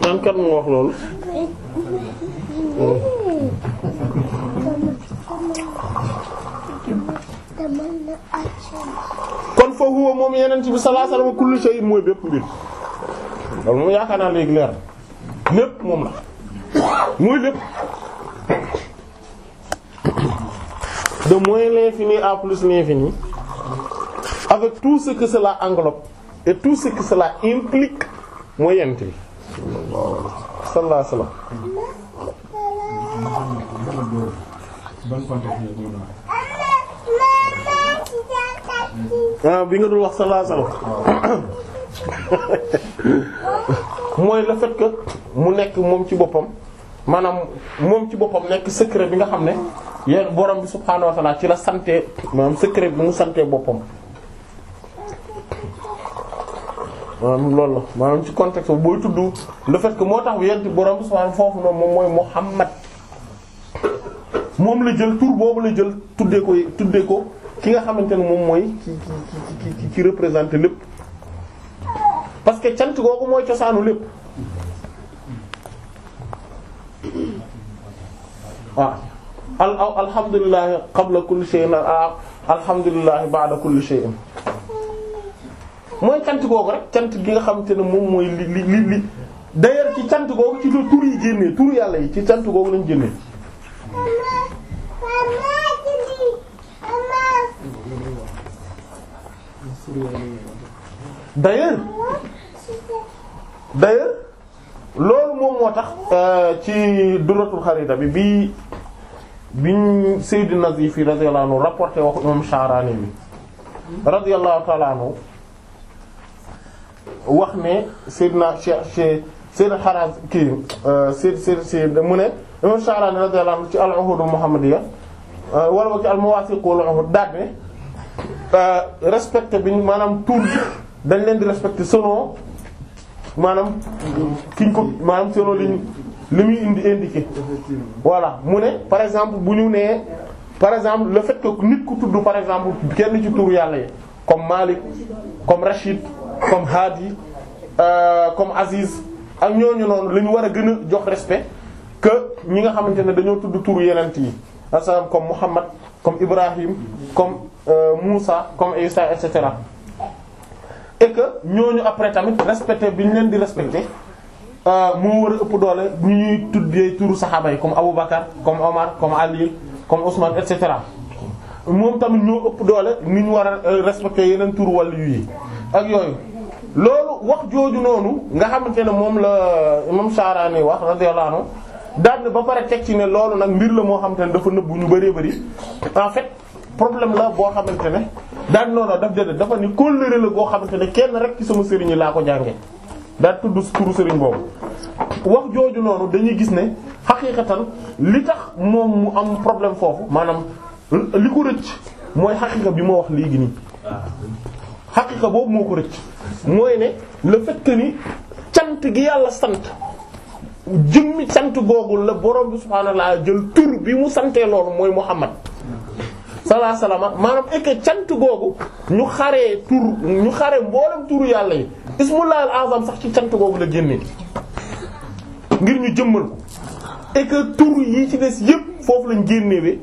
naan kan moo wax loolu. kon fa huwa moom yeneen bi sallallahu alayhi wasallam kullu shay'in mooy bépp mbir moom yaakaar naa léegi leer lépp moom la mooy lépp de moins l'infini à plus l'infini avec tout ce que englobe et tout ce que implique mooy yenent bi sallallahu ban ah, bi nga dul wax sallallahu alayhi wasallam mooy le fait mu nekk moom ci boppam maanaam moom ci boppam nekk secret bi nga xam ne yéen borom bi subhaanahu wa ta'ala ci la sante maanaam secret bi mu sante boppam. maanaam loolu la maanaam ci contexte booy tudd le fait moo tax yent borom subhaanahu foofu noonu moom mooy Muhammad moom la jël tur boobu la jël tuddee ko tuddee ko ki nga xamante ne moom mooy ci ki ki ki représenté lépp parce que cant googu mooy cosaanu lépp waaw ah. al alhamdulillahi qabla ah shay'in alhamdulillahi ba'da kulli shay'in mooy cant kooku rek cant gi nga xamante ne moom mooy li li li d'ailleurs ci cant googu ci tur yi génnee tur yàlla yi ci cant googu lañ génnee d'ailleurs d'ailleurs loolu moom moo tax euh, ci duratul xarita bi bi biñ Sayyid Nazif radiyallahu anhu rapporté waxu imam Sha'rani bi radiyallahu ta'ala anhu wax ne Sayyidna Cheikh Sayyid Haraz kii euh, Sayyid mu ne imam Sha'rani radiyallahu anhu ci al-Uhud euh, ci al-Mawaathiq wal Uhud daal ne euh, respecté bi maanaam tur dañ leen di respecté selon maanaam kiñ ko maanaam selon liñ li muy indi indiqué. voilà mu ne par exemple bu ñu nee par exemple le fait que nit ku tudd par exemple kenn ci tur yàlla yi comme Malik comme Rachid comme Hadi euh, comme Aziz ak ñooñu noonu la ñu war a gën a jox respect. que ñi nga xamante ne dañoo tudd turu yenent yi asalaam comme Muhammad comme Ibrahim comme euh, Moussa comme Isa et cetera et que ñooñu après tamit respecté bi ñu leen di respecté euh, moo war a ëpp doole bu ñuy tuddee turu saxaaba yi comme Aboubacar comme Omar comme Ali comme Ousmane et moom tamit ñoo ëpp doole ni ñu war a euh, respecté yeneen turu wàllu yi ak yooyu. loolu wax jooju noonu nga xamante ne moom la imam Sha'rani wax radiyallahu anhu daan ba pare teg ci ne loolu nag mbir la moo xamante ne dafa nëbbu ñu bëree bëri en fait problème la boo xamante ne daan noonu daf déedéet dafa ni kóllëre la goo xamante ne kenn rek ci sama sëriñ laa ko jànge daal tudd turu sëriñ boobu wax jooju noonu dañuy gis ne xaqiiqatan li tax moom mu am problème foofu maanaam li ko rëcc mooy xaqiiqa bi ma wax léegi nii xaqiiqa boobu moo ko rëcc mooy ne le fait ni cant gi yàlla sant jëmmi sant googu la borom bi subhaanahu wa jël tur bi mu santee loolu mooy Muhammad sallallahu alayhi maanaam ek cant googu ñu xare tur ñu xare mboolem turu yàlla yi ismullah al azam sax ci cant googu la génnee ngir ñu jëmmal ko ek tur yi ci des yépp foofu lañ bi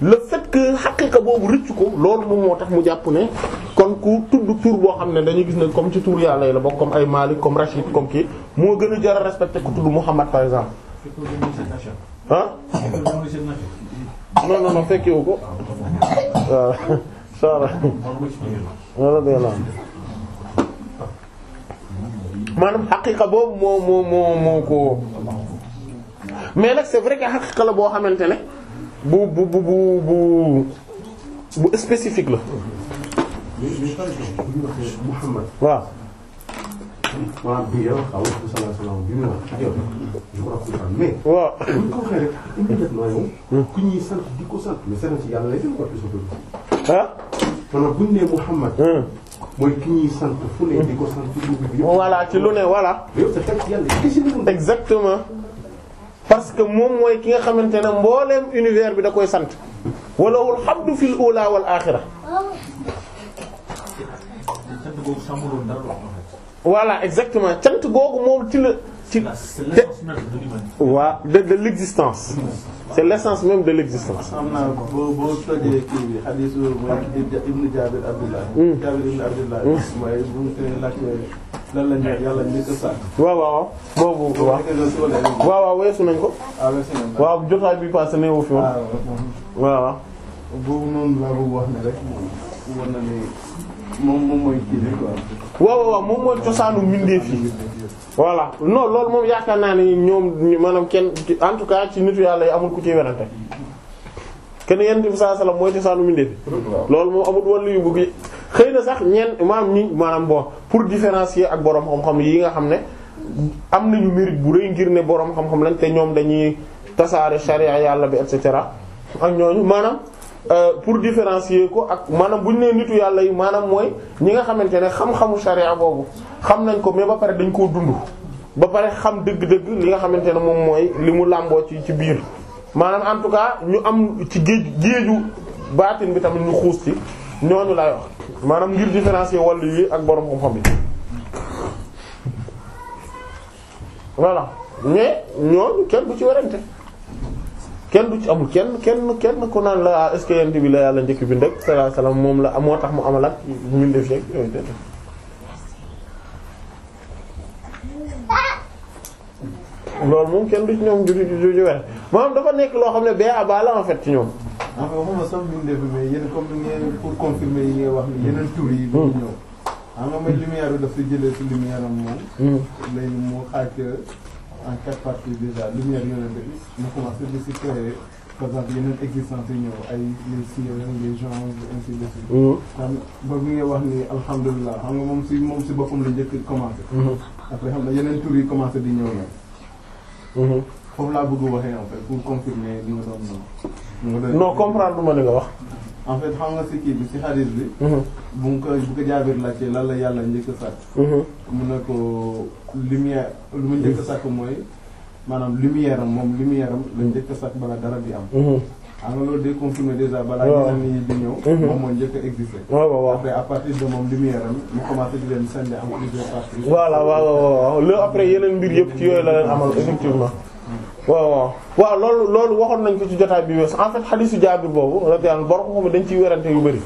le fait que boobu rëcc ko loolu moom moo tax mu jàpp ne kon ku tudd tur boo xam ne dañuy gis ne comme ci tur yàlla yi la bokk comme ay Malik comme Rachid comme kii moo gën a jar a respecté ku tudd Muhammad par exemple. ah. non non non fekke wu ko waaw sara wala dee maanaam xaqiqa boobu moo moo moo moo ko mais nag c'est vrai que xaqiqa la boo xamante ne. bu bu bu bu bu spécifique la. waaw. waaw bi yow xaw bi mu wax ak yow je crois que mais. waaw buñ ko waxee rek immédiatement yow. ku ñuy sant di ko sant mais sant ci yàlla lay dem quoi plus ou moins. ah. maanaam buñ nee Mouhamad. mooy ki ñuy sant fu ne di ko sant ci dugub bi. voilà ci lu ne voilà. yow te fekk yàlla gis nañu. exactement. parce que moom mooy ki nga xamante ne mbooleem univers bi da koy sant walawul hamdu fil ula wal axira voilà exactement cant googu moom ci la ci te waa de de l'existence c'est l'essence même de l'existence. xam naa boo boo tojee kii bi hadith mooy ah. Ibn Jabir Abdullah. Jabir Ibn Abdullah. Hmm. Hmm. waaye bu ñu koy laajtee lan la ñu hmm. yàlla njëkk a sànq. waaw waaw waaw boobu waaw waaw waaw weesu nañ ko. ah weesu nañ ko waaw jotaay bi passé ne wu fi woon. Ah, waaw waaw. boobu noonu laa bëgg wax ne rek moom war na ne moom moom mooy kii bi quoi. waaw waaw moom mooy cosaanu mbindeef yi. voilà non loolu moom yaakaar naa ni ñoom maanaam kenn en tout cas ci nitu yàlla yi amul ku ci werante kenn yent bi sallallahu alayhi mooy cosaanu mbindeef loolu moom amul wàllu yu bëgg xëy na sax ñeen maam ñi maanaam bon pour différencier ak borom xam-xam yi nga xam ne am nañu mérite bu rëy ngir ne borom xam-xam lañ te ñoom dañuy tasaare charia yàlla bi et cetera ak ñooñu maanaam euh, pour différencier ko ak maanaam bu ñu nee nitu yàlla yi maanaam mooy ñi nga xamante ne xam-xamu boobu xam nañ ko mais ba pare dañ koo dund ba pare xam dëgg-dëgg li nga xamante ne moom mooy li mu làmboo ci ci biir maanaam en tout cas ñu am ci géej géeju baatin bi tamit ñu xuus ci ñooñu lay wax maanaam ngir différencier wàllu yi ak borom xam-xam yi voilà mais ñooñu kenn du ci werante kenn du ci amul kenn kenn kenn ku naan la ah, est-ce bi la yàlla njëkk bi ndek sallallahu moom la moo tax mu amal ak ñun def yeeg yooyu loolu moom kenn du ci ñoom ju ju ju maanaam dafa nekk loo xam ne bee abala en fait ci ñoom. en ah, fait waxuma sax mbindeef mais yéen comme ni ngeen pour confirmer yi ngay wax ni yeneen tur yi. dañuy hmm. ñëw xam ah, nga mooy lumière bi daf si jëlee si lumière am moom. Hmm. léegi mu xaaj en quatre parties déjà lumière yeneen bi mu commencé di si créer par exemple yeneen existence yi ñëw ay les sillons les gens ainsi de suite. xam hmm. ba mi ngi wax ni alhamdulilah xam nga moom si moom si boppam la njëkk commencé. après xam nga yeneen tur yi commencé di ñëw nag. Mhm. foofu laa bëgg waxee en fait pour confirmer li nga doon non comprendre ma li nga wax. en fait xam nga si kii bi si xarit bi. Mhm. bu nga ko bu ko jaabir laajte lan la yàlla njëkk a sàkk. Mhm. mun na ko lumière lu mu njëkk a sàkk mooy maanaam lumière moom lumière am la njëkk a sàkk bala dara bi am. xam nga loolu day mhm. moom moo a existé. waaw waaw waaw leen sànni am plusieurs parties. voilà waaw waaw après yeneen mbir yëpp ci yooyu la leen amal effectivement. waaw mm. waaw waaw loolu loolu waxoon nañ ko ci jotaay bi wees en fait xadiisu Jaabir boobu radiyallahu borom xam dañ ciy werante yu bëri.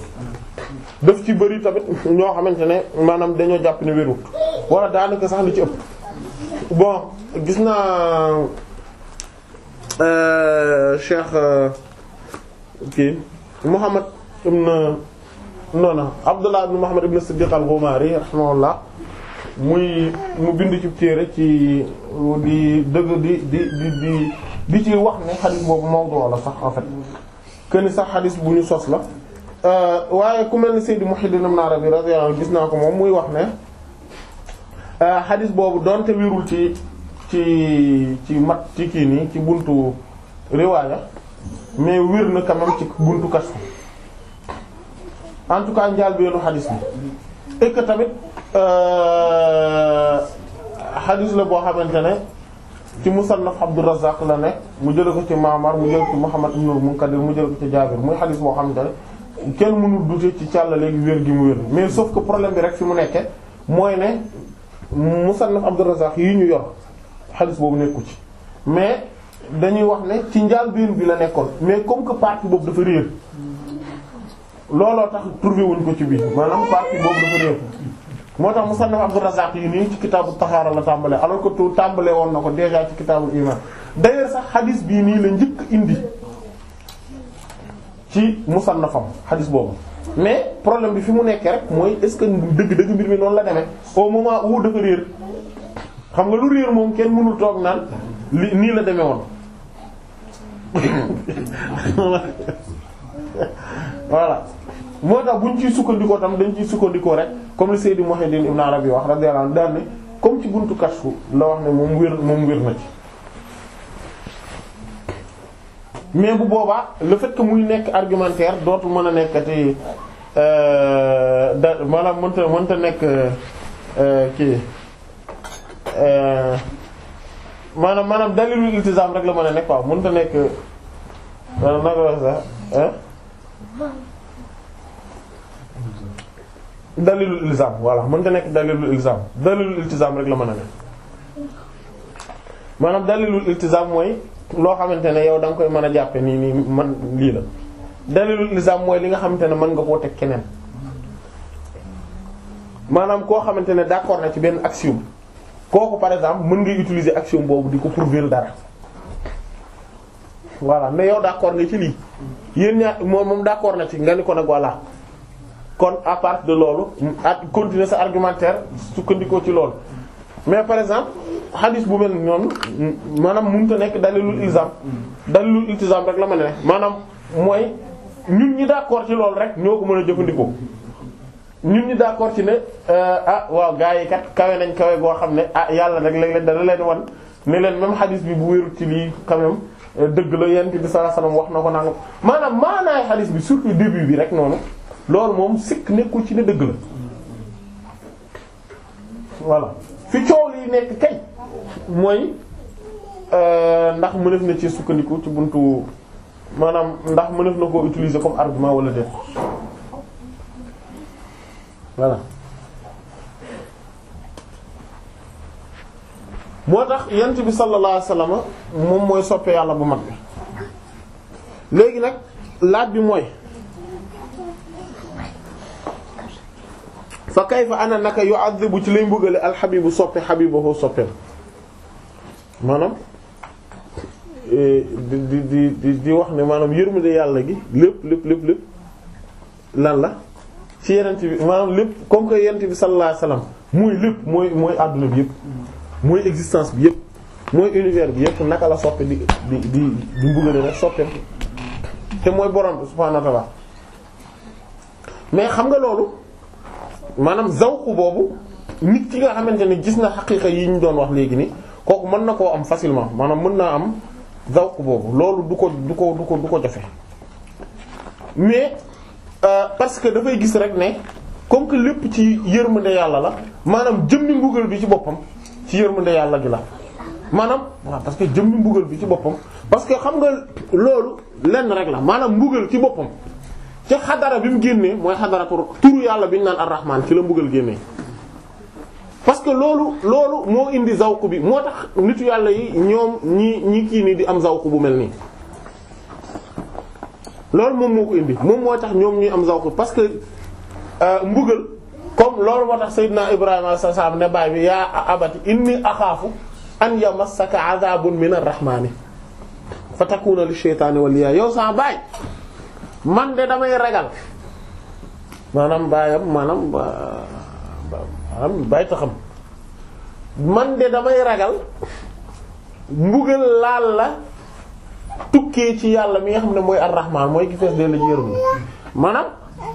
def ci bëri tamit ñoo xamante ne maanaam dañoo jàpp ne wérut wala daanaka sax li ci ëpp bon gis naa euh, Cheikh. Euh, kii Muhammad ibn non non Abdullah ibn Muhammad ibn Siddiq al-Ghumari rahimahullah muy mu bind ci téere ci di dëgg di di di di di ci wax ne xadis boobu mawdu la sax en fait këni sax xadis bu ñu sos la euh, waaye ku mel ni Sayyid Muhyiddin Ibn Arabi radiyallahu anhu gis naa ko moom muy wax ne euh, xadis boobu donte wérul ci ci ci mat ci kii nii ci buntu riwaaya mais wér na quand même ci buntu kas en tout cas njaal beenu xadis bi et que tamit euh, xadis la boo xamante ne ci musannaf Abdur Razzaq la ne mu jële ko ci Ma'mar mu jële ko ci Muhammad ibn al-Munkadir mu jële ko ci Jaabir muy xadis boo xamante ne kenn mënul dute ci càlla léegi wér gi mu wér mais sauf que problème bi rek fi mu nekkee mooy ne musannaf Abdur Razzaq yi ñu yor xadis boobu nekku ci mais dañuy wax ne ci njaal njàlbéen bi la nekkoon mais comme que partie boobu dafa réer looloo tax trouvé wuñ ko ci biir maanaam partie boobu dafa réer moo tax musannaf Abdur Razzaq yi nii ci kitaabu taxaara la tàmbalee alors que tàmbalee woon na ko déjà ci kitaabu iman d'ailleurs sax bii nii la njëkk indi ci musannafam xadis boobu mais problème bi fi mu nekkee rek mooy est-ce que dëgg-dëgg mbir mi noonu la demee au moment où dafa réer xam nga lu réer moom kenn mënul toog naan li nii la demee woon *laughs* voilà moo tax buñ ciy sukkandikoo tam dañ ciy sukkandikoo rek comme li Seydi Muhammad Ibn Arabi wax radiyallahu anhu daal ne comme ci buntu kashfu la wax ne moom wér moom wér na ci. mais bu boobaa le fekk que muy nekk argumentaire dootul mën a nekkati euh, da maanaam mënta mënta nekk euh, euh, maanaam maanaam dalilul iltizam rek la mën a nekk waaw mënut a nekk maanaam naka la sax ah. dalilul iltizam nekk dalilul iltizam dalilul iltizam rek la mën a nekk maanaam dalilul iltizam mooy loo xamante ne yow da nga koy mën a jàppe nii nii man lii la dalilul iltizam mooy li nga xamante ne mën nga koo teg keneen maanaam koo xamante ne d'accord na ci benn axiome. kooku par exemple mën ngay utiliser action boobu di ko prouver dara voilà mais yow d'accord nga ci lii yéen ñaar moom moom d'accord na ci nga ni ko nag voilà kon à part de loolu ak continuer sa argumentaire sukkandikoo ci loolu mais par exemple hadith bu mel noonu maanaam mënut a nekk dalilul ilzam dalilul iltizam rek la ma ne maanaam mooy ñun ñi d'accord ci loolu rek ñoo ko mën a jëfandikoo. ñun ñu d'accord ci ne euh, ah waaw gaa yi kat kawe nañ kawe goo xam ne ah yàlla rek léeg-léeg dana leen wan ne leen même xadis bi bu wérul ci lii quand euh, dëgg la yonent bi sallallahu alayhi mu wax na ko nangam maanaam maanaay xadis bi surtout début bi rek noonu loolu moom sikk nekkul ci ne dëgg la voilà fi coow li nekk kay mooy euh, ndax mënef na ci sukkandiku ci buntu maanaam ndax mënef na koo utiliser comme argument wala déet voilà moo tax yent bi sallallahu alayhi wasallam moom mooy soppee yàlla bu mag bi léegi nag laaj bi mooy fa kayfa ana naka yu'adhibu ci lay soppee alxabibu soppe xabibahu soppe maanaam e, di di di di wax ne maanaam yërmande yàlla gi lépp lépp lépp lépp lan la ci yenent bi maanaam lépp comme que yenent bi sallallahu alayhi wasallam mooy lépp mooy mooy àdduna bi yëpp mooy existence bi yëpp mooy univers bi yëpp naka la soppe di di di di mbugale rek te mooy borom subhaanahu wa ta'ala mais xam nga loolu maanaam zawku boobu nit ki nga xamante ne gis na xaqiqa yi ñu doon wax léegi ni kooku mën na koo am facilement maanaam mën naa am zawku boobu loolu du ko du ko du ko du ko jafe mais Euh, parce que dafay gis rek ne comme que lépp ci yërmande yàlla la maanaam jëmmi mbugal bi ci boppam ci yërmande yàlla gi la maanaam waaw parce que jëmmi mbugal bi ci boppam parce que xam nga loolu lenn rek la maanaam mbugal ci boppam ci xadara bi mu génnee mooy xadara turu yàlla bi ñu naan arrahman ci la mbugal génnee parce que loolu loolu moo indi zawq bi moo tax nitu yàlla yi ñoom ñi ñi kii nii di am zawq bu mel nii loolu moom moo ko indi moom moo tax ñoom ñuy am zawq parce que euh, mbugal comme loolu moo tax Seydina Ibrahima sa saam ne baay abati inni axaafu an yamassaka azabun min ar-rahmani fa takuna li shaytani waliya yow sa baay man de damay ragal maanaam baayam maanaam baay taxam man de damay ragal mbugal laal la tukkee ci yàlla mi nga xam ne mooy arrahman mooy ki fees dee la ci maanaam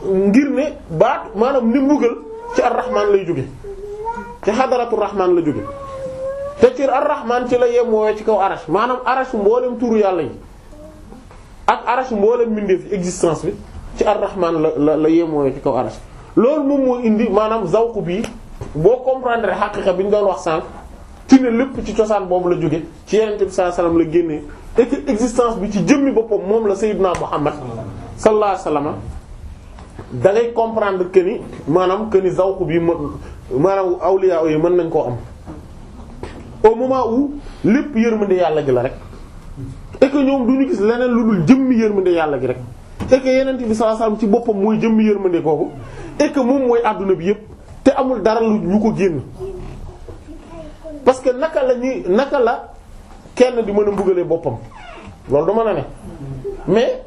ngir ne baat maanaam ni mbugal ci arrahman lay jóge ci xadaratu rahman la jóge te ci arrahman ci la yemoowee ci kaw arash maanaam arash mboolem turu yàlla yi ak arash mboolem mbindeef existence bi ci arrahman la la la yemoowee ci kaw arash loolu moom moo indi maanaam zawq bii boo comprendre xaqiqa bi ñu doon wax sànq ci ne lépp ci cosaan boobu la jóge ci yenente bi la génnee et que existence bi ci jëmmi boppam moom la Sayyidna Muhammad sallallahu alayhi wasallam da ngay comprendre que maanaam que ni zawq bi maanaam awliya yi mën nañ koo am au moment où lépp yërmande yàlla gi rek et que ñoom du ñu gis leneen lu dul jëmmi yërmande yàlla gi rek et que yeneen bi sallallahu ci boppam mooy jëmmi yërmande kooku et moom mooy àdduna bi yépp te amul dara lu ñu ko génn parce que naka la ñuy naka la. kenn di mën a mbugalee boppam loolu du mën a ne mais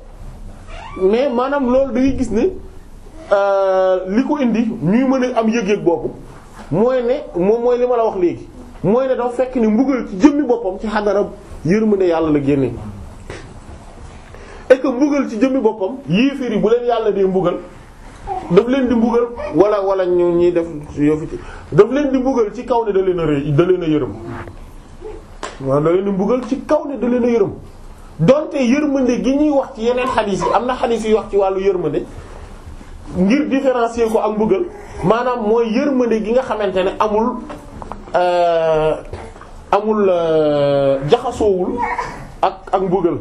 mais maanaam loolu da ngay gis ne euh, li ko indi ñuy mën a am yëg-yëg boobu mooy ne moom mooy li ma la wax léegi mooy ne dafa fekk ni mbugal ci jëmmi boppam ci xadara yërmande yàlla la génne et que mbugal ci jëmmi boppam yéeféer yi bu leen yàlla dee mbugal daf leen di mbugal wala wala ñu ñuy def yoo daf leen di mbugal ci kaw ne da leen a rëy da leen a yërëm waaw da leen mbugal ci kaw ne da leen a yërëm donte yërmande gi ñuy wax ci yeneen xadiis yi am na xadiis yi wax ci wàllu yërmande ngir différencier ko ak mbugal maanaam mooy yërmande gi xamante ne amul euh, amul euh, jaxasoowul ak ak mbugal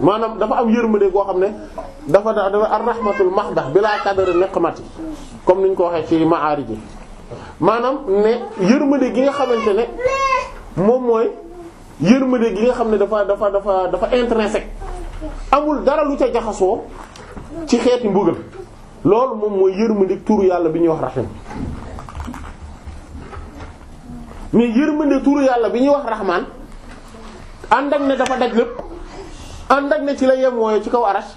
maanaam dafa am yërmande goo xam ne dafa dafa ar rahmatul mahdah bilaa qadari niqmati comme ñu ko waxee ci maari ji maanaam ne yërmande gi nga xamante ne moom mooy yërmande gi nga xam ne dafa dafa dafa dafa intrinsèque amul dara lu ca jaxasoo ci xeeti mbugal loolu moom mooy yërmande turu yàlla bi ñuy wax rahim mais yërmande turu yàlla bi ñuy wax rahman ànd ak ne dafa daj lépp ànd ak ne ci la yem ci kaw arash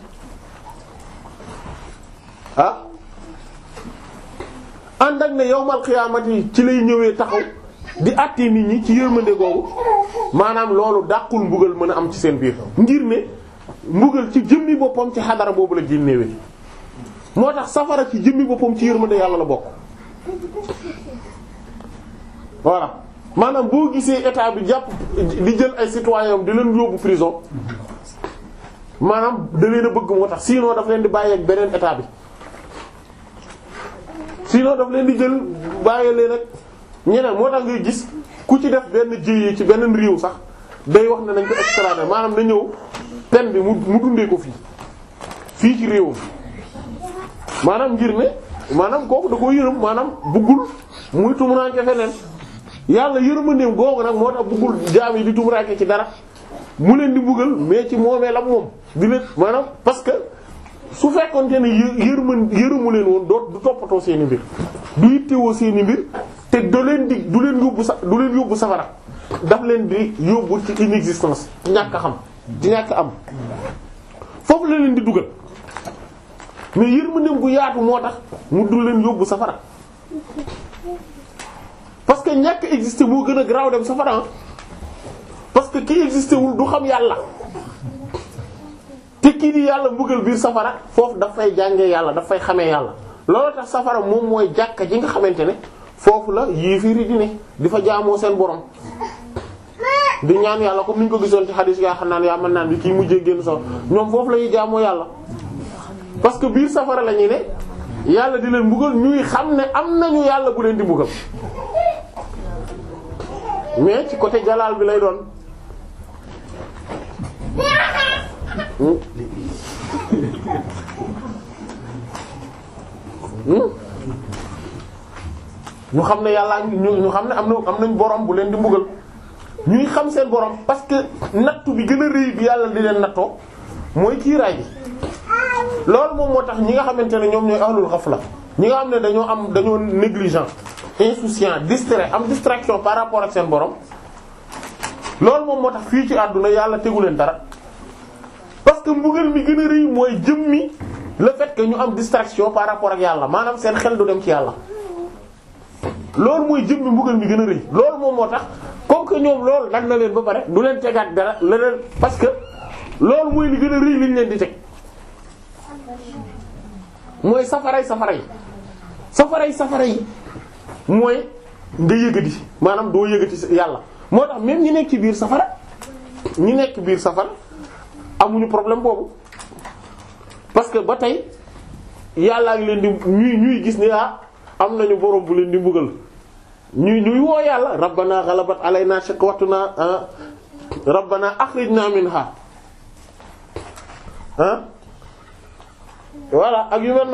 ah ànd ak ne yawmal qiyaamati ci lay ñëwee taxaw di àttee nit ñi ci yërmande googu maanaam loolu dàqul mbugal mën a am ci seen biir ngir ne mbugal ci jëmmi boppam ci xadara boobu la génneewee moo tax safara ci jëmmi boppam ci yërmande yàlla la bokk voilà maanaam boo gisee état bi jàpp di jël ay citoyens di leen yóbbu prison maanaam da leen bëgg moo tax sinon daf leen di bàyyi ak beneen état bi sinon daf leen di jël bàyyi leen ak ñeneen moo tax ngay gis ku ci def benn ji ci benn réew sax day wax ne nañ ko extrader maanaam na ñëw pen bi mu mu dundee ko fii fii ci réewam maanaam ngir ne maanaam kooku da ko yërëm maanaam buggul muy tumuraanke feneen yàlla yërmandeem googu nag moo tax buggul jaam yi di tumuraanke ci dara mu leen di buggal mais ci moomee la moom di leen maanaam parce que su fekkoon ne yërman yërëmu leen woon doo du toppatoo seeni mbir du yittewoo seeni mbir te du leen di du leen yóbbu du leen safara daf leen di yóbbu ci inexistence ñàkk a xam ci ñàkk am foofu la leen di dugal mais yërmandeem gu yaatu moo tax mu du leen yóbbu safara parce que ñàkk exister moo gën a garaaw dem safara parce que ki exister du xam yàlla te kii di yàlla mbugal biir safara foofu dafay fay jàngee yàlla daf fay xamee yàlla loolu tax safara moom mooy jàkka ji nga xamante ne. foofu la yéefir yi di ne di fa jaamoo seen boroom di ñaan yàlla comme ni ñu ko gisoon ci xadis yaa xam naan yaa mën naan bi kii mujjee génn sax ñoom foofu la ñuy jaamoo yàlla parce que biir safara lañuy ñuy ne yàlla di leen mbugal ñuy xam ne am nañu yàlla bu leen di mbugal mais ci côté jalaal bi lay doon hmm? Hmm? ñu xam ne yàllaa ñu ñu xam ne am na am nañ borom bu leen di mbugal ñuy xam seen borom parce que nattu bi gën a rëy bi yàlla di leen nattoo mooy kiiraay bi loolu moom moo tax ñi nga xamante ne ñoom ñooy ahlul la ñi nga xam ne dañoo am dañoo négligent insouciant distrait am distraction par rapport ak seen borom loolu moom moo tax fii ci àdduna yàlla tegu leen dara parce que mbugal mi gën a rëy mooy jëmmi la fait que ñu am distraction par rapport ak yàlla maanaam seen xel du ci yàlla loolu mooy jëm bi mi gën a rëy loolu moom moo tax comme que ñoom loolu nag na leen ba pare du leen tegaat dara leneen parce que loolu mooy li gën a rëy liñ leen di teg mooy safara safaray safara yi safara yi mooy nga yëgati maanaam doo yëgati yàlla moo tax même ñi nekk ci biir safara ñi nekk biir safara amuñu problème boobu parce que ba tey yàllaa ngi leen di ñuy ñuy gis ne ah am nañu borom bu leen di mbugal ñuy ñuy woo yàlla rabbana ghalabat alayna shiqwatuna ah, rabbana akhrijna minha ah voilà ak yu mel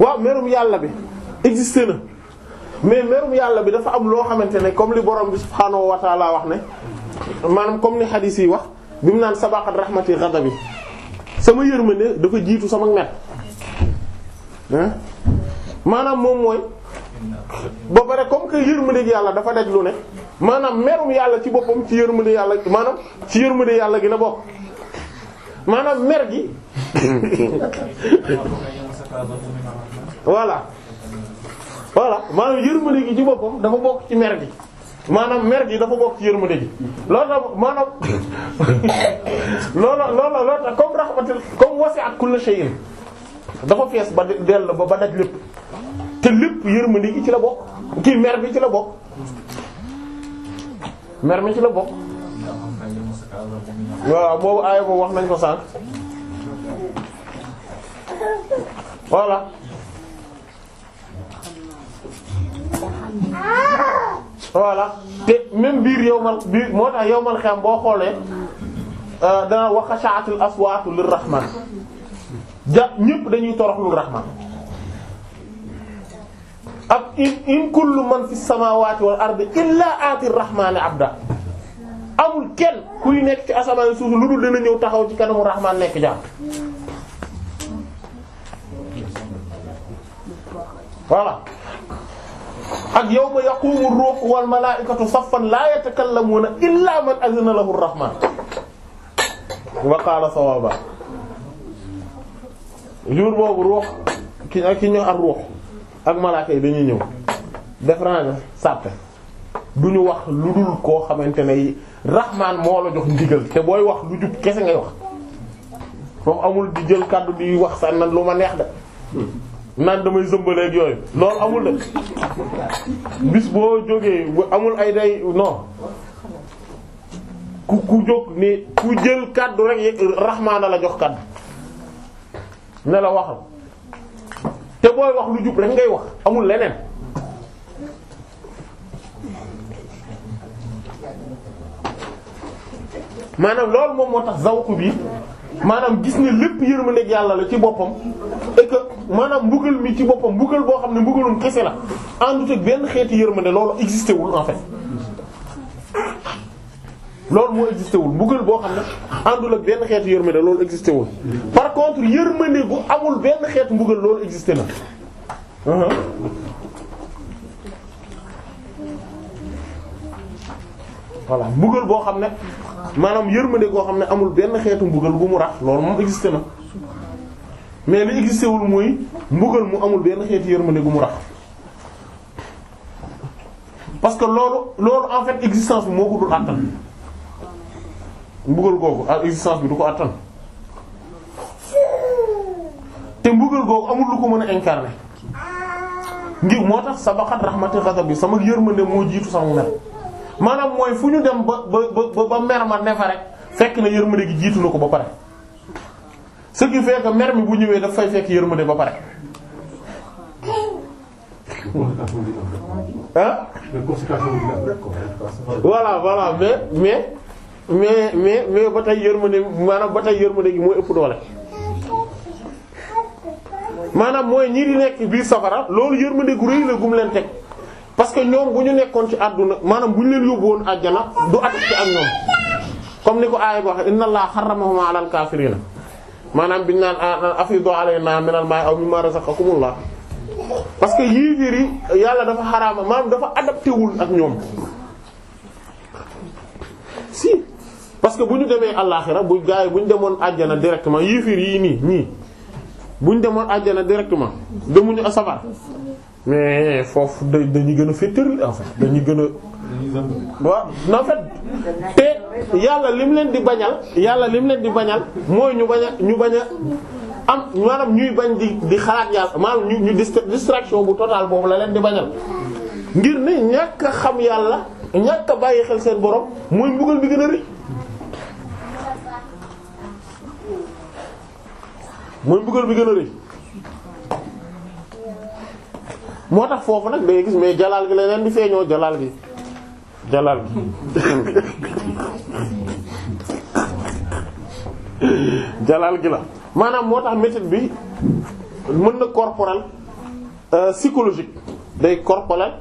waaw merum yàlla bi existé na. mais merum yàlla bi dafa am loo xamante ne comme li borom bi subhaanahu wa taala wax ne maanaam comme ni xadiis yi wax bi mu naan sabaqat rahmati ghadabi sama yërmande dafa jiitu sama mer maanaam moom mooy ba pare comme que yërmande yàlla dafa daj lu ne maanaam merum yàlla ci boppam ci yërmande yàlla maanaam ci yërmande yàlla gi na bokk maanaam mer gi *laughs* voilà voilà maanaam yërmande gi ci boppam dafa bokk ci mer bi maanaam mer gi dafa bokk ci yërmande gi loolu la maanaam *laughs* loolu loolu loolu tax comme rahmatul comme wasi'at kulli shay'in dafa fees ba dell ba ba daj lépp te lépp yërmande gi ci la bokk kii mer bi ci la bokk mer mi ci la bokk waaw boobu aaya boobu wax nañ ko sànq voilà voilà te même biir yowmal biir moo tax yowmal xam boo xoolee euh, dana wax xashaatul aswaatu lir rahman ja ñëpp dañuy toroxlu rahman ak in kullu man fi samawati wal ardi illa aati rahmani abda amul kenn kuy nekk ci asamaan suuf lu dul dana ñëw taxaw ci kanamu rahman nekk jaam voilà ak yawma yaqumu ruuhu wal malaa'ikatu saffan laa yatakallamuuna illaa man azina lahu rahmaan wa qaala sawaaba boobu ruux ki ak ki ñëw ak ruux ak malaaka yi dañuy ñëw def rang sàppe du ñu wax lu dul koo xamante ne rahmaan moo la jox ndigal te booy wax lu jub kese ngay wax foofu amul di jël kàddu di wax sa nan lu ma neex de naan damay zëmbaleeg yooyu loolu amul de bis boo jógee amul ay day non ku ku jóg ne ku jël kaddu rek raxmaana la jox kaddu ne la te booy wax lu jub rek ngay wax amul leneen maanaam loolu moom moo tax zawku bi maanaam gis ne lépp yërmandeeg yàlla la ci boppam et que maanaam mbugal mi ci boppam mbugal boo xam ne mbugalum kese la àndut ak benn xeeti yërmande loolu existé wul en fait. loolu moo existé wul mbugal boo xam ne àndul ak benn xeetu yërmande loolu existé wul par contre yërmande bu amul benn xeetu mbugal loolu existé na. Uh-huh. voilà mbugal boo xam ne maanaam yërmande goo xam ne amul benn xeetu mbugal gu mu rax loolu moom existé na mais li existé wul mooy mbugal mu amul benn xeetu yërmande gu mu rax parce que loolu loolu en fait existence bi moo ko dul àttan mbugal googu ak ah, existence bi du ko àttan te mbugal googu amul lu ko mën a incarner ngir moo tax sabaxat rahmati ghadab bi sama yërmande moo jiitu sama mer maanaam mooy fu ñu dem ba ba ba mer ma ne fa rek fekk na yërmande gi jiitu na ko ba pare ce qui fait que mer bu ñëwee daf fay fekk yërmande ba pare. ah. voilà voilà mais mais mais mais mais ba tey yërmande maanaam ba tey yërmande gi mooy ëpp doole. maanaam mooy ñi di nekk biir safara loolu yërmande gu rëy la gum leen teg. parce que ñoom bu ñu nekkoon ci àdduna maanaam bu ñu leen yóbbu woon àjjana du at ak ñoom comme ni ko aaya bi waxee inna allaha harramahum ala al-kaafiriina maanaam biñu naan ah, ah, afidu alaynaa minal maa'i aw mimmaa razaqakumullah parce que yéeféer yi yàlla dafa xaraama maanaam dafa adapté wul ak ñoom si parce que bu ñu demee àllaaxira bu gaa bu ñu demoon àjjana directement yéeféer yii nii nii bu ñu demoon àjjana directement demuñu a mais foofu da dañuy gën a féttarli en fait gën a waaw en fait te yàlla lim leen di bañal yàlla lim leen di bañal mooy ñu bañ ñu bañ a am maanaam ñuy bañ di di xalaat yàlla maanaam ñu ñu distraction bu total boobu la leen di bañal ngir ne ñàkk a xam yàlla ñàkk a bàyyi xel seen borom mooy mbugal bi gën a rëy mooy mbugal bi gën a rëy moo tax foofu nag da gis mais jalaal gi la leen di feeñoo jalaal gi jalaal gi *laughs* jalaal gi la maanaam moo tax méthode bi mën na corporel euh, psychologique day corporel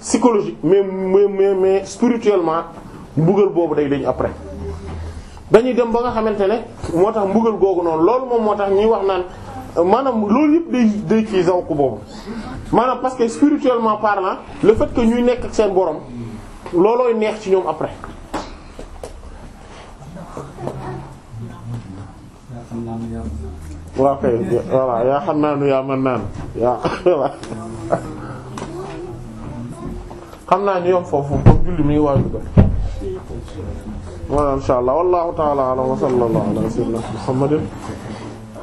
psychologique mais mais mais spirituellement mbugal boobu day dañ après dañuy dem ba nga xamante ne moo tax mbugal googu noonu loolu moom moo tax ñuy wax naan maanaam loolu yëpp day day kii zawku boobu maanaam parce que spirituellement parlant le fait que ñuy nekk ak seen borom loolooy neex ci ñoom après. waaw kay voilà yaa xam naa nu yaa mën naan yaa xam naa ni yom foofu comme julli mi ngi waaju ko voilà insha allah wallahu ta'ala a'lam wa sallallahu ala sayyidina muhammadin